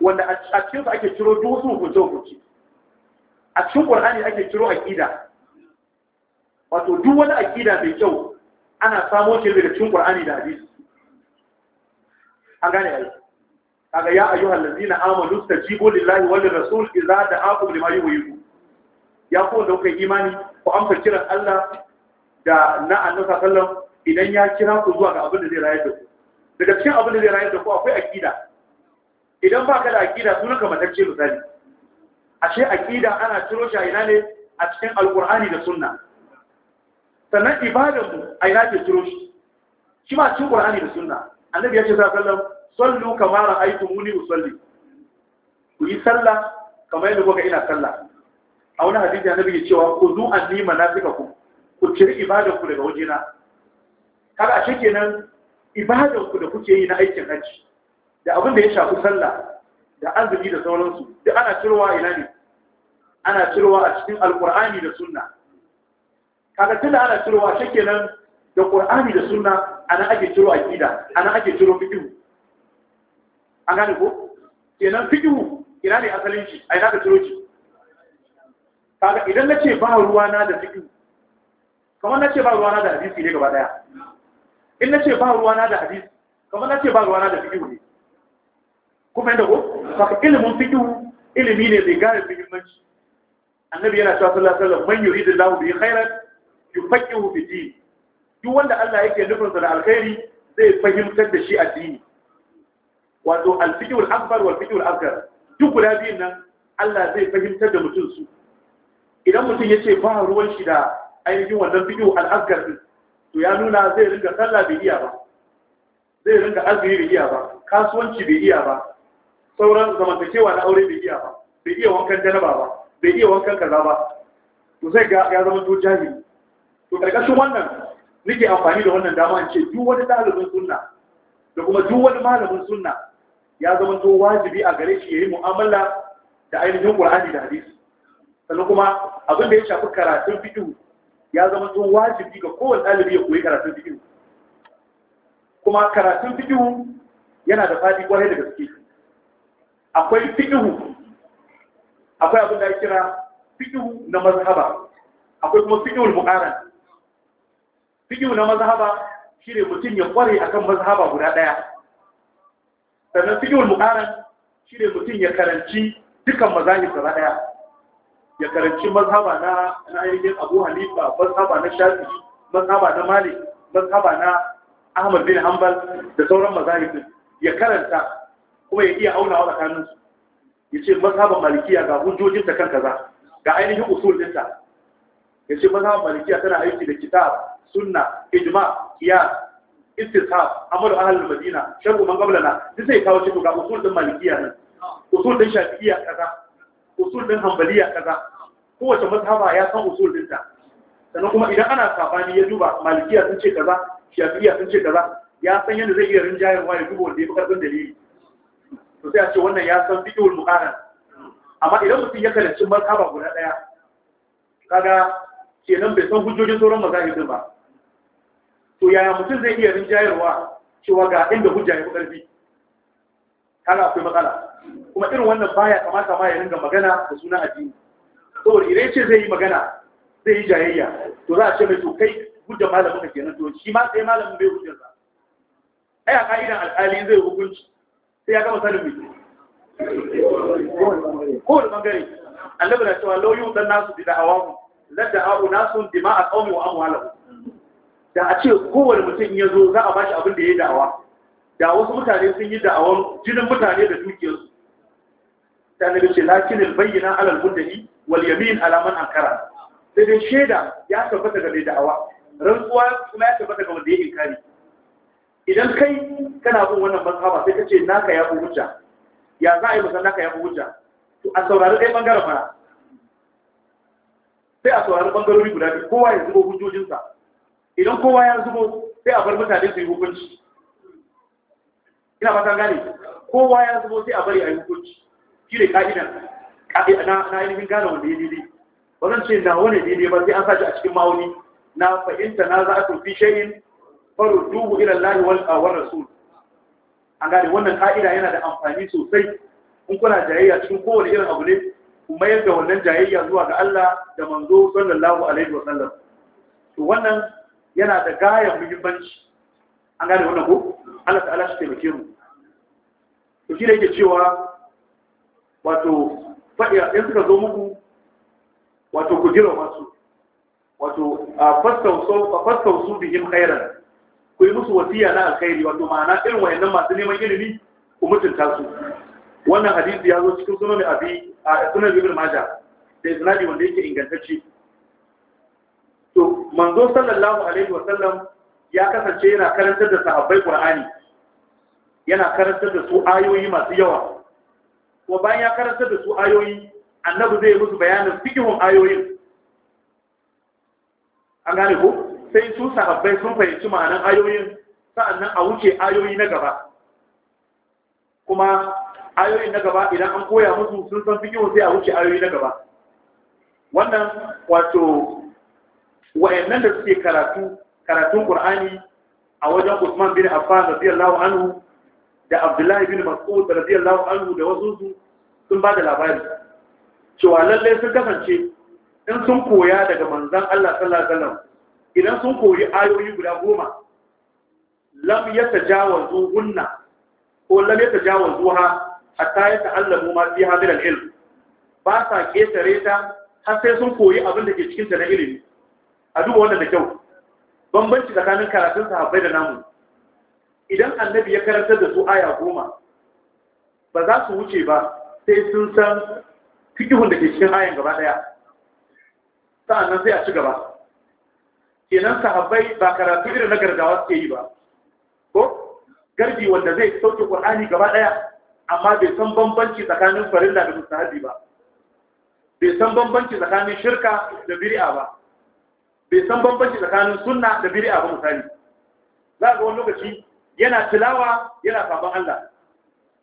[SPEAKER 1] wanda a cikin su ake ciro duk hukunce hukunce a cikin qur'ani ake ciro aqida wato duk wani aqida mai kyau ana samo shi daga cikin qur'ani da hadisi an gane ai kaga ya ayyuhal ladina amanu tajibu lillahi wal rasul idza da'akum lima yuhibbu ya ku da kuka imani ku amsa kiran Allah da na annabi sallallahu idan ya kira ku zuwa ga abin da zai rayar da ku daga cikin abin da zai rayar da ku akwai akida idan baka da akida sunan ka matacce misali ashe akida ana ciro shi a ina ne a cikin alqur'ani da sunna sannan ibadar mu a ina ce ciro shi shi ma cikin qur'ani da sunna annabi ya ce sallallahu alaihi wasallam sallu kama ra'aytumuni usalli ku yi sallah kamar yadda kuka ina sallah a wani hadisi annabi ke cewa ku zu na manasikakum ku ciri ibadar ku daga wajena kaga ashe kenan ibadar ku da kuke yi na aikin hajji da abin da ya shafi sallah da azumi da sauransu duk ana cirowa ina ne ana cirowa a cikin alqur'ani da sunna kaga tunda ana cirowa shi kenan da qur'ani da sunna ana ake ciro aqida ana ake ciro fiqh an gane ko kenan fiqh ina ne asalin shi ai na ka ciro shi kaga idan na nace ba ruwana da fiqh kamar nace ba ruwana da hadisi ne gaba daya in na nace ba ruwana da hadisi kamar nace ba ruwana da fiqh ne kuma yadda ko saka ilimin fiqh ilimi ne bai gare muhimmanci annabi yana cewa sallallahu alaihi wasallam man yuridillahu bi khairan yufaqihu fi din duk wanda Allah yake nufin sa da alkhairi zai fahimtar da shi addini wato al-fiqh al-akbar wal fiqh al-asghar duk guda biyun nan Allah zai fahimtar da mutum su idan mutum ya ce ba ruwan shi da ainihin wannan bidiyo al'azgar din to ya nuna zai ringa sallah bai iya ba zai ringa azumi bai iya ba kasuwanci bai iya ba sauran zamantakewa na aure bai iya ba bai iya wankan janaba ba bai iya wankan kaza ba to zai ga ya zama to jahili to karkashin wannan nake amfani da wannan dama in ce duk wani ɗalibin sunna da kuma duk wani malamin sunna ya zama to wajibi a gare shi ya yi mu'amala da ainihin Qur'ani da hadisi sannan kuma abin da ya shafi karatun fiƙihu ya zama tun wajibi ga kowane ɗalibi ya koyi karatun fiƙihu kuma karatun fiƙihu yana da faɗi kwarai da gaske akwai fiƙihu akwai abin da ya kira fiƙihu na mazhaba akwai kuma fiƙihul muqaran fiƙihu na mazhaba ne mutum ya kware akan mazhaba guda ɗaya sannan fiƙihul shi ne mutum ya karanci dukan mazahib gaba ɗaya ya karanci mazhaba na na ainihin Abu halifa mazhaba na shafi mazhaba na Malik mazhaba na Ahmad bin Hanbal da sauran mazhabin ya karanta kuma ya iya auna wa tsakanin su ce mazhaban Malikiya ga hujjojin ta kan kaza ga ainihin usul ya ce mazhaban Malikiya tana aiki da kitab sunna ijma ya istisab amalu ahlul madina sharru man qablana duk sai kawo shi ga usul din Malikiya nan usul din Shafi'iyya kaza usul din hanbaliya kaza kowace mazhaba ya san usul dinta sannan kuma idan ana sabani ya duba malikiya sun ce kaza shafi'iya sun ce kaza ya san yadda zai iya rinjayarwa ya duba wanda ya fi dalili to sai a ce wannan ya san fiqhul muqaran amma idan mutum ya karanci mazhaba guda daya kaga kenan bai san hujjojin sauran mazahibin ba to yaya mutum zai iya rinjayarwa cewa ga inda hujja ya fi karfi kana akwai matsala kuma irin wannan baya kamata ma ya ringa magana da suna addini to idan ce zai yi magana zai yi jayayya to za a ce mai to kai gudda malamin ka kenan to shi ma sai malamin bai hujjar sa ai a ka'idan alƙali zai hukunci sai ya gama sanin mai da bangare annabi na cewa lauyu dan nasu bi da hawamu la da a'u nasu dima'a qawmi wa amwalahum da a ce kowane mutum ya zo za a bashi abin da ya yi da'awa da wasu mutane sun yi da'awan jinin mutane da dukiyarsu ta nabi ce lakinin bayyana alal muddahi wal yamin ala man ankara sai dai shaida ya tabbata ga mai da'awa rantsuwa kuma ya tabbata ga wanda ya inkari idan kai kana bin wannan mazhaba sai kace naka ya fi hujja ya za a yi masa naka ya fi hujja to a saurari ɗaya bangaren fara sai a saurari bangarori guda biyu kowa ya zubo hujjojinsa idan kowa ya zubo sai a bar mutane su yi hukunci ina ba ta gane kowa ya zubo sai a bari a yi hukunci kire ka'ida ka'idan na yi gane wanda ya daidai ba zan ce na wani daidai ba sai an saki a cikin ma'auni na fahimta na za ku tofi shayin faru dubu ilan lahi wal rasul an gane wannan ka'ida yana da amfani sosai in kuna jayayya cikin kowane irin abu ne ku mayar da wannan jayayya zuwa ga Allah da manzo sallallahu alaihi wa sallam to wannan yana da gaya muhimmanci an gane wannan ko Allah ta'ala shi taimake mu to shi da yake cewa wato faɗi in suka zo muku wato ku jira masu wato a su bihim khairan ku yi musu wasiya na alkhairi wato ma'ana irin wayannan masu neman ilimi ku mutunta su wannan hadisi ya zo cikin sunan abi a sunan ibn maja da isnadi wanda yake ingantacce to manzo sallallahu alaihi wa sallam ya kasance yana karantar da sahabbai qur'ani yana karantar da su ayoyi masu yawa kuma bayan ya karanta da su ayoyi annabi zai musu bayanin fikihun ayoyin an gane ko sai su sahabbai sun fahimci ma'anan ayoyin sa'annan a wuce ayoyi na gaba kuma ayoyin na gaba idan an koya musu sun san fikihun sai a wuce ayoyi na gaba wannan wato wayannan da suke karatu karatun qur'ani a wajen Usman bin Affan radiyallahu anhu da abdullahi bin mas'ud radiyallahu anhu da wasu su sun ba da labari cewa lalle sun kasance in sun koya daga manzan Allah sallallahu alaihi wasallam idan sun koyi ayoyi guda goma lam yatajawazu hunna ko lam yatajawazu ha hatta ta'allamu ma fi min al-ilm ba sa ketare ta har sai sun koyi abin da ke cikin ta na ilimi a duba wannan da kyau bambanci tsakanin karatun sahabbai da namu idan annabi ya karanta da su aya goma ba za su wuce ba sai sun san fikihun da ke cikin ayan gaba daya sa'annan sai a ci gaba kenan sahabbai ba karatu irin na gargawa suke yi ba ko garbi wanda zai sauke qur'ani gaba daya amma bai san bambanci tsakanin farilla da mustahabi ba bai san bambanci tsakanin shirka da biri'a ba bai san bambanci tsakanin sunna da biri'a ba misali za a ga wani lokaci yana tilawa yana sabon Allah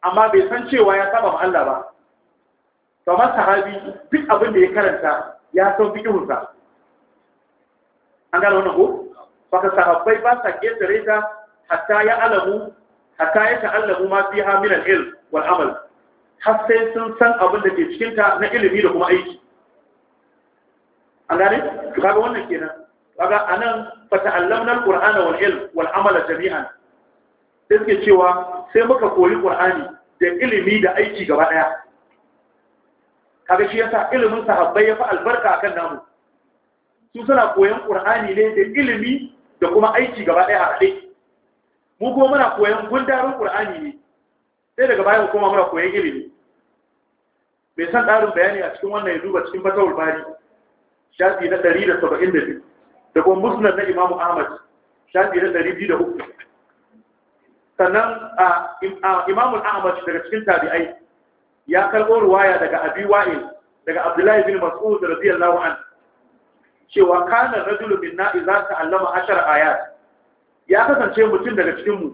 [SPEAKER 1] amma bai san cewa ya saba Allah ba kamar sahabi duk abin da ya karanta ya san fikihunsa an gane wannan ko saka sahabbai ba sa ketare ta hatta ya alamu hatta ya ta'allamu ma fiha min al-ilm wal amal har sai sun san abin da ke cikin ta na ilimi da kuma aiki an gane kaga wannan kenan kaga anan fa ta'allamna al-qur'ana wal ilm wal amala jami'an sai suke cewa sai muka koyi ƙwar'ani da ilimi da aiki gaba ɗaya. kaga shi yasa ilimin sahabbai ya fi albarka a kan namu su suna koyan ƙwar'ani ne da ilimi da kuma aiki gaba ɗaya a haɗe mu kuma muna koyan gundarin ƙwar'ani ne sai daga baya kuma muna koyan ilimi mai san ɗarin bayani a cikin wannan ya duba cikin fatawul bari shafi na 172 da kuma musnad na imamu ahmad shafi na 203 sannan imam ahmad daga cikin tabi'ai ya karɓo ruwaya daga abi wa'il daga abdullahi bin mas'ud radiyallahu anhu cewa kana rajulu ta allama ta'allama ashar ayat ya kasance mutum daga cikin mu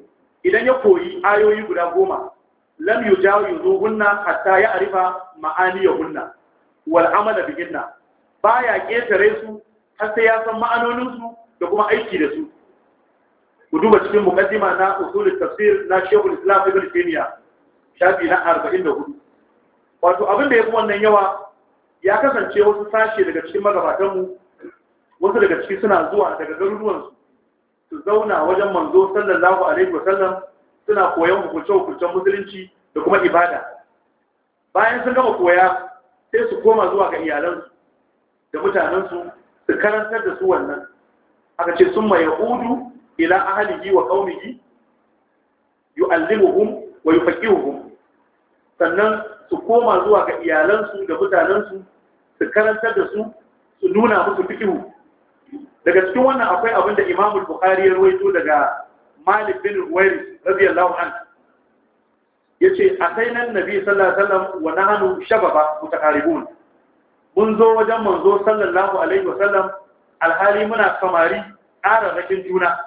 [SPEAKER 1] idan ya koyi ayoyi guda goma lam yujawizuhunna hatta ya'rifa ma'aniyahunna wal amala bihinna baya ketare su har sai ya san ma'anoninsu da kuma aiki da su ku duba cikin mukaddima na usulul tafsir na Sheikhul Islam Ibn Taymiyyah shafi na 44 wato abin da fi wannan yawa ya kasance wasu sashe daga cikin magabatan mu wasu daga ciki suna zuwa daga garuruwan su su zauna wajen manzo sallallahu alaihi wa sallam suna koyon hukunce-hukuncen musulunci da kuma ibada bayan sun gama koya sai su koma zuwa ga iyalansu da mutanensu su karantar da su wannan aka ce sun mai hudu. ila ahlihi wa qaumihi yu'allimuhum wa yufaqihuhum sannan su koma zuwa ga iyalansu da mutanensu su karantar da su su nuna musu fikihu daga cikin wannan akwai abinda da Bukhari ya rawaito daga Malik bin yace ataina nan sallallahu alaihi wasallam wa nahnu shababa mutaqaribun mun zo wajen manzo sallallahu alaihi wasallam alhali muna samari rakin juna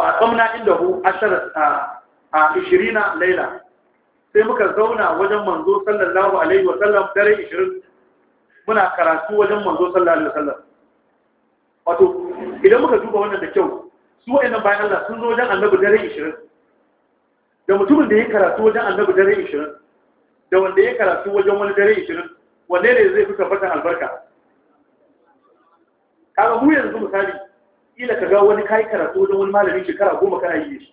[SPEAKER 1] inda عنده a عشرين laila sai muka zauna wajen manzo sallallahu alaihi wa sallam dare 20 muna karatu wajen manzo sallallahu alaihi wa sallam wato idan muka duba wannan da kyau su wayannan bayan Allah sun zo wajen annabi dare 20 da mutumin da ya karatu wajen annabi dare 20 da wanda ya karatu wajen wani dare 20 wanne ne zai fi tabbatar albarka kaga mu yanzu misali kila ka ga wani kai karatu wajen wani malamin shekara goma kana yi shi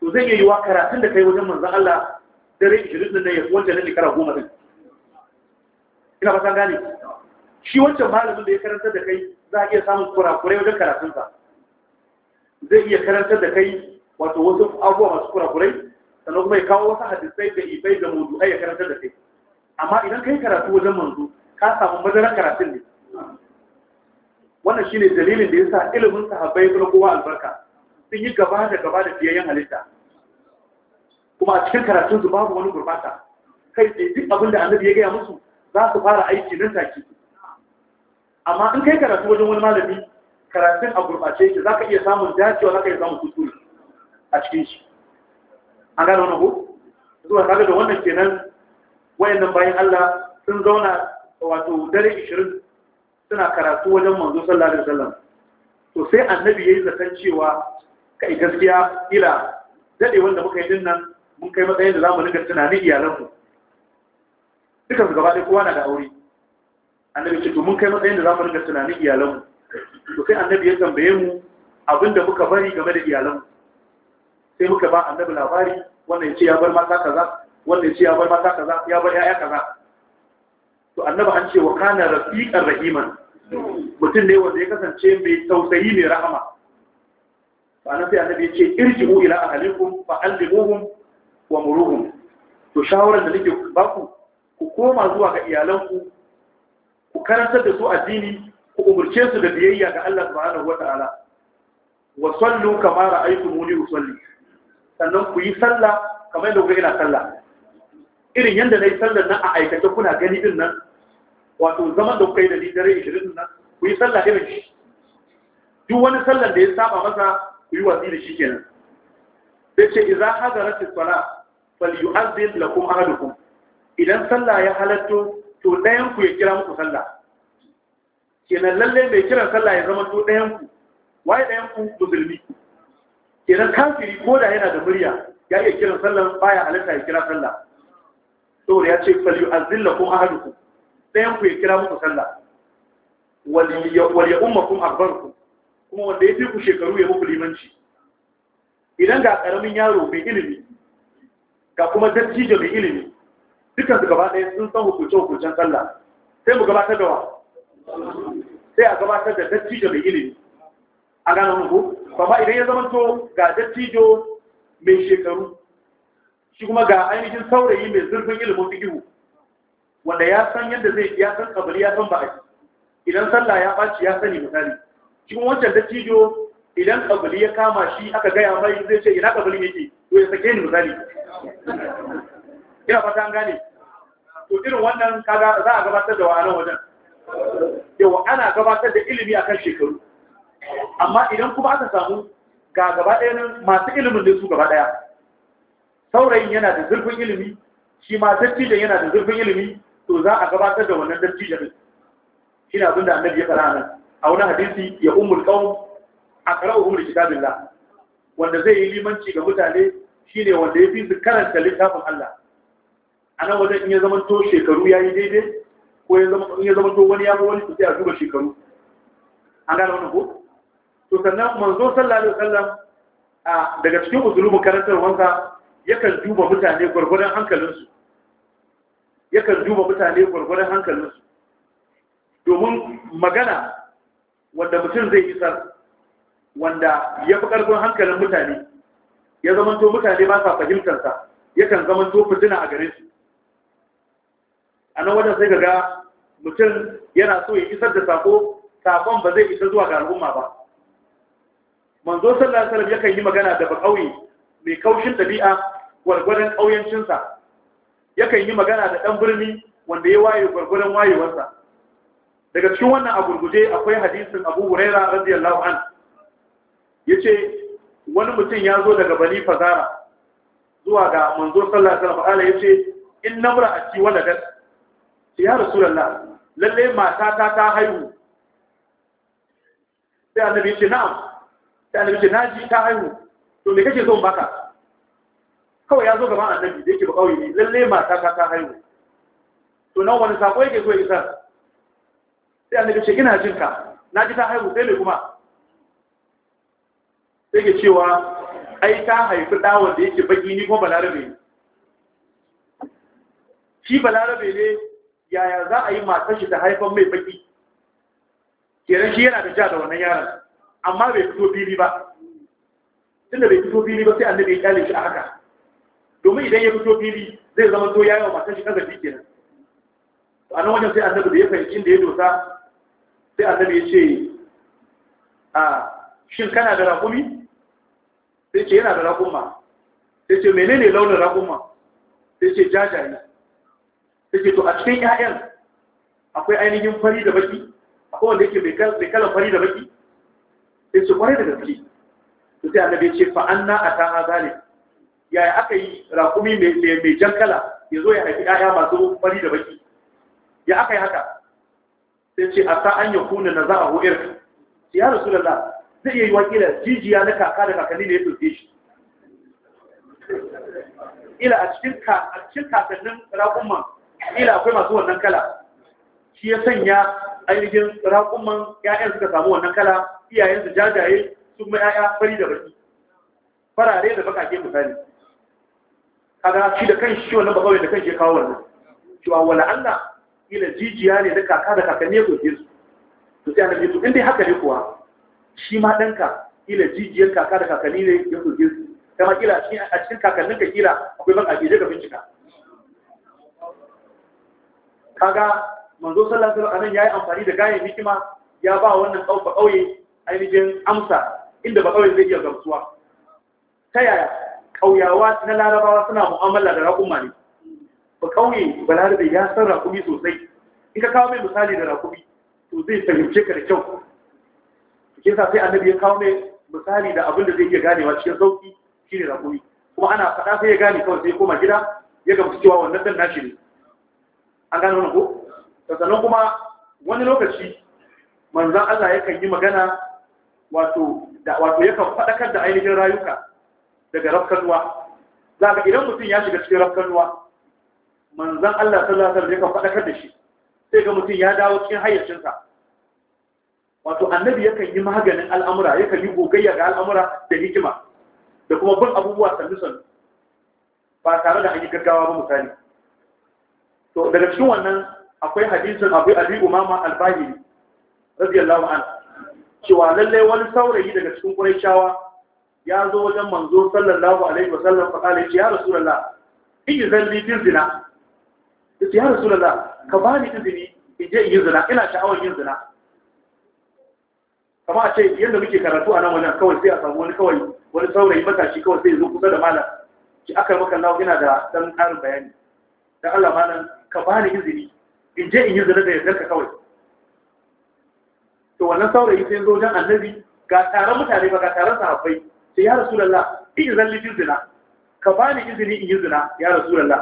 [SPEAKER 1] to zai iya yiwa karatun da kai wajen manzan Allah dare 20 din da ya wanda ne shekara goma din ina san gane shi wancan malamin da ya karanta da kai za a iya samun kurakurai wajen karatunsa zai iya karantar da kai wato wasu abubuwa masu kurakurai sannan kuma ya kawo wasu hadisai da ifai da mudu ya karantar da kai amma idan kai karatu wajen manzo ka samu madaran karatun ne wannan shine dalilin da sa ilimin sahabbai sun kowa albarka sun yi gaba da gaba da fiyayyen halitta kuma a cikin karatun su babu wani gurbata kai tsaye duk abin da annabi ya gaya musu za su fara aiki nan take amma in kai karatu wajen wani malami karatun a gurbace shi za ka iya samun dacewa za ka iya samun kuskure a cikin shi an gane wani ko zuwa kaga da wannan kenan wayannan bayan Allah sun zauna wato dare 20 suna karatu wajen manzo sallallahu alaihi wasallam to sai annabi yayi zaton cewa kai gaskiya ila dade wanda muka yi dinnan mun kai matsayin da zamu rinka tunanin iyalanmu dukan su gaba ɗaya kowa na da aure annabi ce to mun kai matsayin da zamu rinka tunanin iyalanmu to sai annabi ya tambaye mu abinda muka bari game da iyalanmu sai muka ba annabi labari wannan ya ce ya bar mata kaza wannan ya ce ya bar mata kaza ya bar ya'ya kaza to annaba an ce wa kana rafiqan rahiman mutum ne wanda ya kasance mai tausayi mai rahama ana sai annabi ya ce irji'u ila ahlikum fa allimuhum wa muruhum to shawaran da nake baku ku koma zuwa ga iyalanku ku karantar da su addini ku umurce su da biyayya ga Allah subhanahu wata'ala wa sallu kama ra'aytumuni usalli sannan ku yi sallah kamar yadda kuka ina sallah irin yadda na yi sallar nan a aikace kuna gani din nan wato zaman da kuka yi da ni dare 20 nan ku yi sallah irin shi duk wani sallar da ya saba masa ku yi watsi da shi kenan sai ce idza hadarat as-sala falyu'adhdhin lakum ahadukum idan sallah ya halatto to ɗayan ku ya kira muku sallah kenan lalle mai kiran sallah ya zama to ɗayan ku waye ɗayan ku musulmi kenan kafiri ko da yana da murya ya iya kiran sallah baya halatta ya kira sallah saboda ya ce falyu kun a dayan ku ya kira muku sallah Wani ya wal ya ummakum kuma wanda ya fi ku shekaru ya muku limanci idan ga ƙaramin yaro mai ilimi ga kuma dattijo mai ilimi dukkan su gaba ɗaya sun san hukunce hukuncen sallah sai mu gabatar da wa sai a gabatar da dattijo mai ilimi a gane ku, kuma idan ya zama to ga dattijo mai shekaru shi kuma ga ainihin saurayi mai zurfin ilimin fiqh wanda ya san yadda zai ya san kabari ya san ba'adi idan sallah ya baci ya sani misali shi kuma wancan cijo idan kabari ya kama shi aka gaya mai zai ce ina kabari ke, to ya sake ni misali ina fata an gane to irin wannan kaga za a gabatar da wa'anan wajen yawa ana gabatar da ilimi akan shekaru amma idan kuma aka samu ga gaba ɗaya masu ilimin da su gaba ɗaya saurayin yana da zurfin ilimi shi ma dattijan yana da zurfin ilimi to za a gabatar da wannan dattijan din shine abin da annabi ya fara nan a wani hadisi ya ummul qaum aqra'uhum li kitabillah wanda zai yi limanci ga mutane shine wanda ya fi su karanta littafin Allah a nan wajen in ya zama to shekaru ya yi daidai ko in ya zama to wani ya wani sai a duba shekaru an ga wannan ko to sannan manzo sallallahu alaihi wasallam a daga cikin usulubin karantarwansa yakan duba mutane gwargwadon hankalinsu yakan duba mutane gwargwadon hankalinsu domin magana wanda mutum zai isa, wanda ya fi ƙarfin hankalin mutane ya zamanto mutane ba sa fahimtarsa yakan zamanto fitina a gare su a nan wajen sai ga mutum yana so ya isar da sako sakon ba zai isa zuwa ga al'umma ba manzo sallallahu alaihi wasallam yakan yi magana da bakauye mai kaushin ɗabi'a gwargwaron ƙauyancinsa yakan yi magana da ɗan birni wanda ya waye gwargwaron wayewarsa daga cikin wannan a akwai hadisin abu huraira radiyallahu an ya ce wani mutum ya zo daga bani fazara zuwa ga manzo sallar da wasallam ya ce in namra a ci wala dan ya rasulullah lalle mata ta ta haihu sai annabi ya ce na'am sai annabi ya ce ji ta haihu to me kake so baka kawai ya zo gaban annabi da yake ba kauye ne lalle mata ta ta haihu to nan wani sako yake zo ya isar sai annabi ce ina jin ka na ji ta haihu sai me kuma sai ke cewa ai ta haifi dawon da yake baki ni kuma balarabe ne shi balarabe ne yaya za a yi matar shi ta haifan mai baki kenan shi yana da ja da wannan yaron amma bai fito fili ba tunda bai fito fili ba sai annabi ya kyale shi a haka domin idan ya fito fili zai zama to yayi wa matan shi kazafi kenan to anan wajen sai annabi da ya fahimci inda ya dosa sai annabi ya ce a shin kana da rakumi sai ce yana da rakuma sai ce menene launin rakuma sai ce jajaye sai ce to a cikin ƴaƴan akwai ainihin fari da baki akwai wanda yake mai kalan fari da baki sai ce kwarai da gaske sai annabi ce fa anna ataha zalik yaya aka yi rakumi mai jankala ya zo ya haifi ƴaƴa masu fari da baki ya aka yi haka sai ce a an ya kuna na za a ya rasu lalla zai iya yi wakila jijiya na kaka da kakanni ne ya turke shi ila a cikin kakannin raƙumman ila akwai masu wannan kala shi ya sanya ainihin raƙumman ƴaƴan suka samu wannan kala iyayen su jajaye su kuma ya'ya fari da baki farare da baka ke misali kaga shi da kan shi wannan bakawai da kan shi kawo wannan cewa wala Allah ila jijiya ne da kaka da kakanni ya goge su to sai annabi to indai haka ne kuwa shi ma danka ila jijiyar kaka da kakanni ne ya goge su kama kila a cikin kakannin ka kila akwai ban je ka bincika kaga manzo sallallahu alaihi wasallam anan yayi amfani da gayen hikima ya ba wannan kauye ainihin amsa inda ba kawai zai iya gamsuwa ta yaya ƙauyawa na larabawa suna mu'amala da raƙuma ne ba ƙauye ya san raƙumi sosai in ka kawo mai misali da raƙumi to zai fahimce ka da kyau ke sa sai annabi ya kawo mai misali da abin da zai iya ganewa cikin sauƙi shine raƙumi kuma ana faɗa sai ya gane kawai sai ya koma gida ya gamsu cewa wannan dan nashi ne an gane wannan ko sannan kuma wani lokaci manzan Allah yakan yi magana wato da wato yakan fadakar da ainihin rayuka daga rafkanuwa za ka idan mutum ya shiga cikin rafkanuwa manzan Allah sallallahu alaihi yakan faɗakar da shi sai ga mutum ya dawo cikin hayyacinsa wato annabi yakan yi maganin al'amura yakan yi gogayya ga al'amura da hikima da kuma bin abubuwa sannu sannu ba tare da an gaggawa ba misali to daga cikin wannan akwai hadisin abu abi umama al-bahili radiyallahu anhu cewa lallai wani saurayi daga cikin ƙuraishawa ya zo wajen manzo sallallahu alaihi wa sallam fa kale ya rasulullah in yi zalli zina sai ya rasulullah ka ba ni izini in je yin zina ina sha'awar yin zina kama a ce yadda muke karatu a nan wajen kawai sai a samu wani kawai wani saurayi matashi kawai sai zo kusa da malam ki aka maka nawo ina da dan karin bayani dan Allah malam ka ba ni izini in je in yi zina da yardar ka kawai to wannan saurayi sai zo jan annabi ga taron mutane ba ga taron sahabbai sai ya rasulullah in zalli zina ka bani izini in yi zina ya rasulullah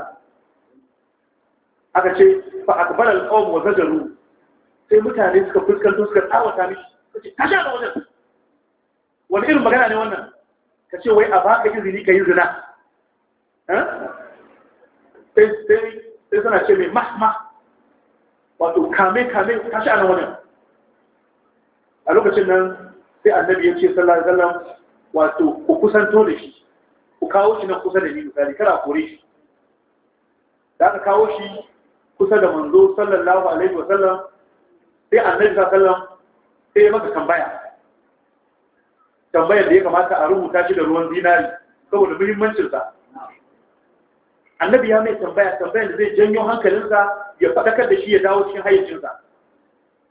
[SPEAKER 1] aka ce fa akbar al-qawm wa zajaru sai mutane suka fuskanto suka tsawata mishi kace ka sha da wajen wani irin magana ne wannan ka ce wai a baka izini ka yi zina eh? sai suna ce mai mahma wato kame kame ka sha da wajen a lokacin nan sai annabi ya ce sallallahu alaihi wasallam wato ku kusanto da shi ku kawo shi nan kusa da ni misali kar a kore shi da aka kawo shi kusa da manzo sallallahu alaihi wasallam sai annabi sallallahu alaihi sai ya maka tambaya tambayar da ya kamata a rubuta shi da ruwan zinari saboda muhimmancin sa. annabi ya mai tambaya tambayar da zai janyo hankalinsa ya faɗakar da shi ya dawo cikin hayyacinsa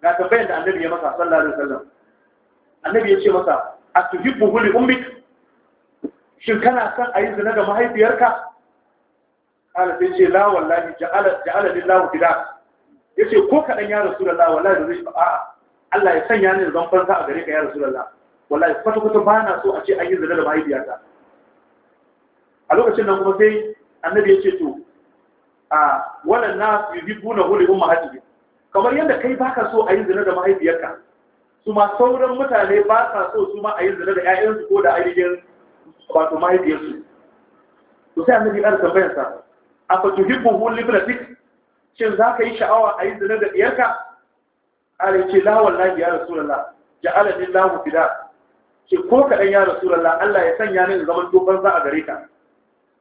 [SPEAKER 1] ga tambayar da annabi ya masa sallallahu alaihi wasallam annabi ya ce masa atuhibbu li ummik shin kana son a yi zina ga mahaifiyarka kala sai ce la wallahi ja'ala ja'ala lillahu bidak yace ko kadan ya rasulullah wallahi da zai a'a Allah ya sanya ni zan fansa a gare ka ya rasulullah wallahi kwata kwata ba na so a ce an yi zina da mahaifiyarka a lokacin nan kuma sai annabi ya ce to a wannan na yuhibbuna hu li ummahatihim kamar yadda kai baka so a yi zina da mahaifiyarka su ma sauran mutane ba sa so su ma a yi zina da 'ya'yansu ko da ainihin wato mahaifiyarsu to sai annabi ya tambayar sa a fa tuhibbu hu libnatik shin za ka yi sha'awa a yi zina da iyarka? ala ce la wallahi ya rasulullah ja'ala lillahu fida ce ko kaɗan ya rasulullah Allah ya sanya ni zaman dogon za a gare ka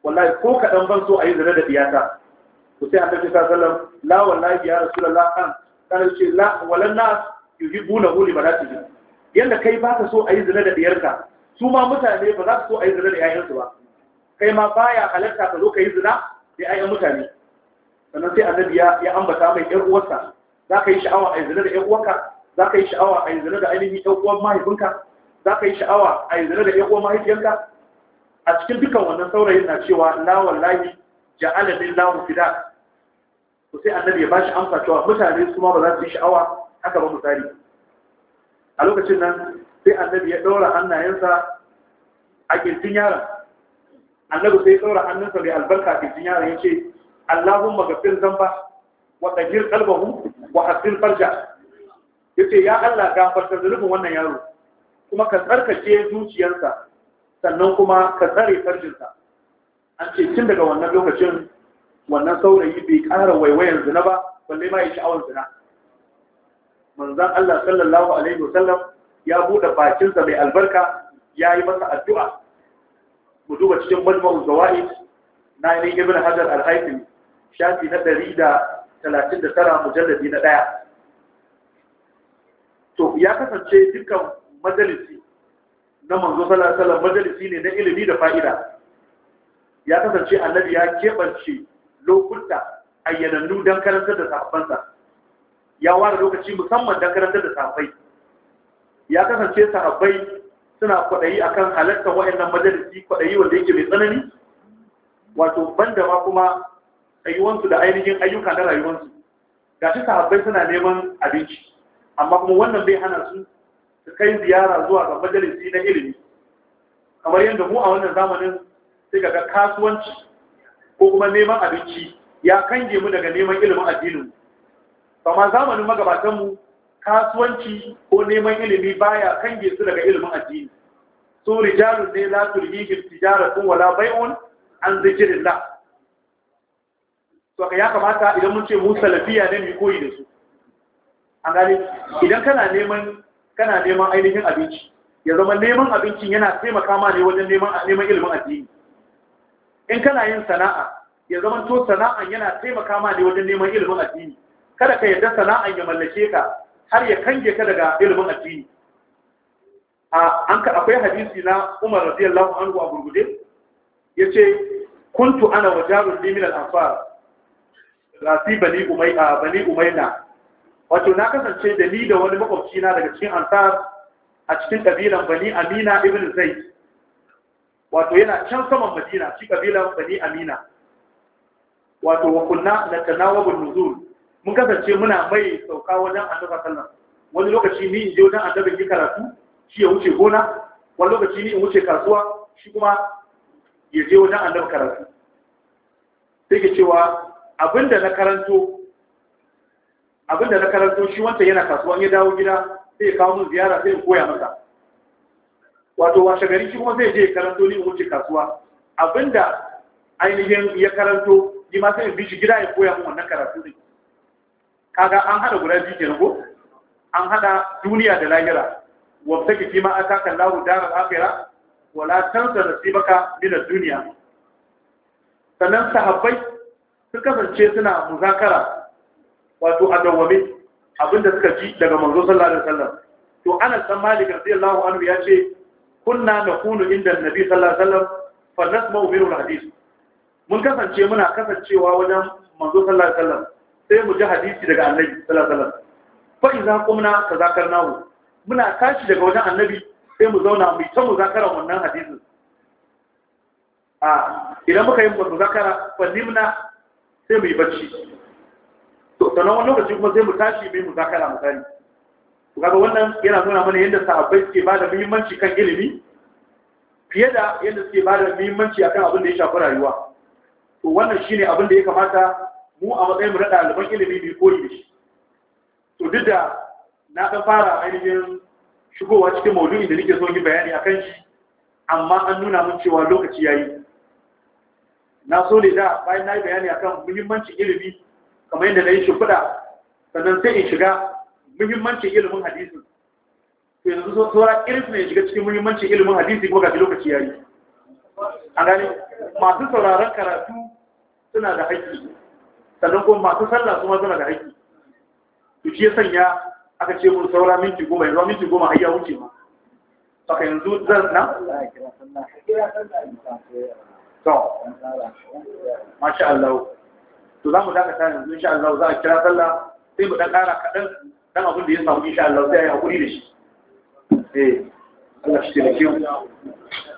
[SPEAKER 1] wallahi ko kaɗan ban so a yi zina da diyata ku sai annabi sallallahu alaihi Lawan la wallahi ya rasulullah an kana ce la walan nas yuhibbuna hu li banatihi yanda kai ba ka so a yi zina da diyarka su ma mutane ba za su so a yi zina da yayansu ba kai ma baya halarta ka zo ka yi zina da yayan mutane sannan sai annabi ya ambata mai yar uwarsa za ka yi sha'awa a ayi zina da yar uwarka za ka yi sha'awa a ayi zina da ainihin yar uwar mahaifinka za ka yi sha'awa a ayi zina da yar uwar mahaifiyarka a cikin dukkan wannan saurayin na cewa Lawan wallahi ja'ala lillahu fida to sai annabi ya bashi amsa cewa mutane su ma ba za su yi sha'awa haka ba misali a lokacin nan sai annabi ya ɗaura hannayensa a kirjin yaron annabi sai ya daura hannunsa mai albarka a kirjin yaron ya ce allahumma gafir zamba wa ɗagir kalbahu wa hasil farja ya ce ya allah ga gafarta zunubin wannan yaro kuma ka tsarkake zuciyarsa sannan kuma ka tsare farjinsa an ce tun daga wannan lokacin wannan saurayi bai ƙara waiwayan zina ba balle ma ya sha'awar zina manzan Allah sallallahu alaihi wasallam ya buɗe bakinsa mai albarka ya yi masa addu'a mu duba cikin majmu'ul zawaid na ne ibn hajar al-haythami shafi na 139 mujalladi na ɗaya. to ya kasance dukkan majalisi na manzo sallallahu alaihi wasallam majalisi ne na ilimi da fa'ida ya kasance annabi ya keɓance lokuta ayyanannu don karantar da sahabbansa ya ware lokaci musamman don karantar da sahabbai ya kasance sahabbai suna kwaɗayi akan halartar wa'annan majalisi kwaɗayi wanda yake mai tsanani wato banda ma kuma ayyuwansu da ainihin ayyuka na rayuwansu ga shi sahabbai suna neman abinci amma kuma wannan bai hana su su kai ziyara zuwa ga majalisi na ilimi kamar yadda mu a wannan zamanin sai ga kasuwanci ko kuma neman abinci ya kange mu daga neman ilimin addinin amma zamanin magabatanmu kasuwanci ko neman ilimi baya kange su daga ilimin addini su rijalun ne la turhihim tijaratun wala bai'un an zikrillah to ya kamata idan mun ce mu salafiya ne mu koyi da su an gane idan kana neman kana neman ainihin abinci ya zama neman abincin yana taimaka ma ne wajen neman neman ilimin addini in kana yin sana'a ya zama to sana'an yana taimaka ma ne wajen neman ilimin addini kada ka yadda sana'an ya mallake ka har ya kange ka daga ilimin addini a an ka akwai hadisi na Umar radiyallahu anhu a gurgude yace kuntu ana wajarul limin al afar rafi bani umayya bani umayna wato na kasance da ni da wani makwabci na daga cikin ansar a cikin kabilan bani amina ibn zaid wato yana can saman madina shi kabila bani amina wato wa kunna na tanawabun nuzul mun kasance muna mai sauka wajen annabi sallallahu wani lokaci ni in je wajen annabi ki karatu shi ya wuce gona wani lokaci ni in wuce kasuwa shi kuma ya je wajen annabi karatu sai ke cewa abinda na karanto abinda na karanto shi wanda yana kasuwa ya dawo gida sai ya kawo mun ziyara sai ya koya masa wato washe gari shi kuma zai je ya karanto ni wuce kasuwa abinda ainihin ya karanto ni ma sai bishi gida ya koya min wannan karatu ne kaga an hada guda biyu kenan ko an hada duniya da lahira wa take fi ma lahu Allahu daral akhirah wala tansa nasibaka min ad-dunya sannan sahabbai sun kasance suna muzakara wato a abinda suka ji daga manzo sallallahu alaihi wasallam to Anas san Malik radiyallahu anhu ya ce kunna kunu inda annabi sallallahu alaihi wasallam fa nasma'u minhu alhadith mun kasance muna kasancewa wajen manzo sallallahu alaihi wasallam sai mu ji hadisi daga annabi sallallahu alaihi wasallam fa idza qumna tazakarnahu muna tashi daga wajen annabi sai mu zauna mu ta muzakara wannan hadisin a idan muka yi muzakara fa limna sai mu yi bacci to sanan wani lokaci kuma sai mu tashi mu yi muzakara misali kaga wannan yana nuna mana yadda sahabbai suke bada muhimmanci kan ilimi fiye da yadda suke bada muhimmanci akan abin da ya shafi rayuwa to wannan shine abin da ya kamata mu a matsayin mu na ɗaliban ilimi bi koyi da shi to duk da na ɗan fara ainihin shigowa cikin maudu'i da nake so yi bayani akan shi amma an nuna mun cewa lokaci yayi na so ne da bayan na yi bayani akan muhimmancin ilimi kamar yadda na yi shimfiɗa sannan sai in shiga muhimmancin ilimin hadisi to yanzu saura su ne shiga cikin muhimmancin ilimin hadisi ko ga lokaci yayi a gani masu sauraron karatu suna da haƙƙi sannan kuma masu sallah kuma suna da haƙƙi to shi ya sanya aka ce mun saura minti goma yanzu minti goma har ya wuce ma saka yanzu zan na to masha Allah to za mu dakata yanzu insha Allah za a kira sallah sai mu dan ƙara kaɗan dan sun da ya samu insha Allah sai ya hakuri da shi eh Allah shi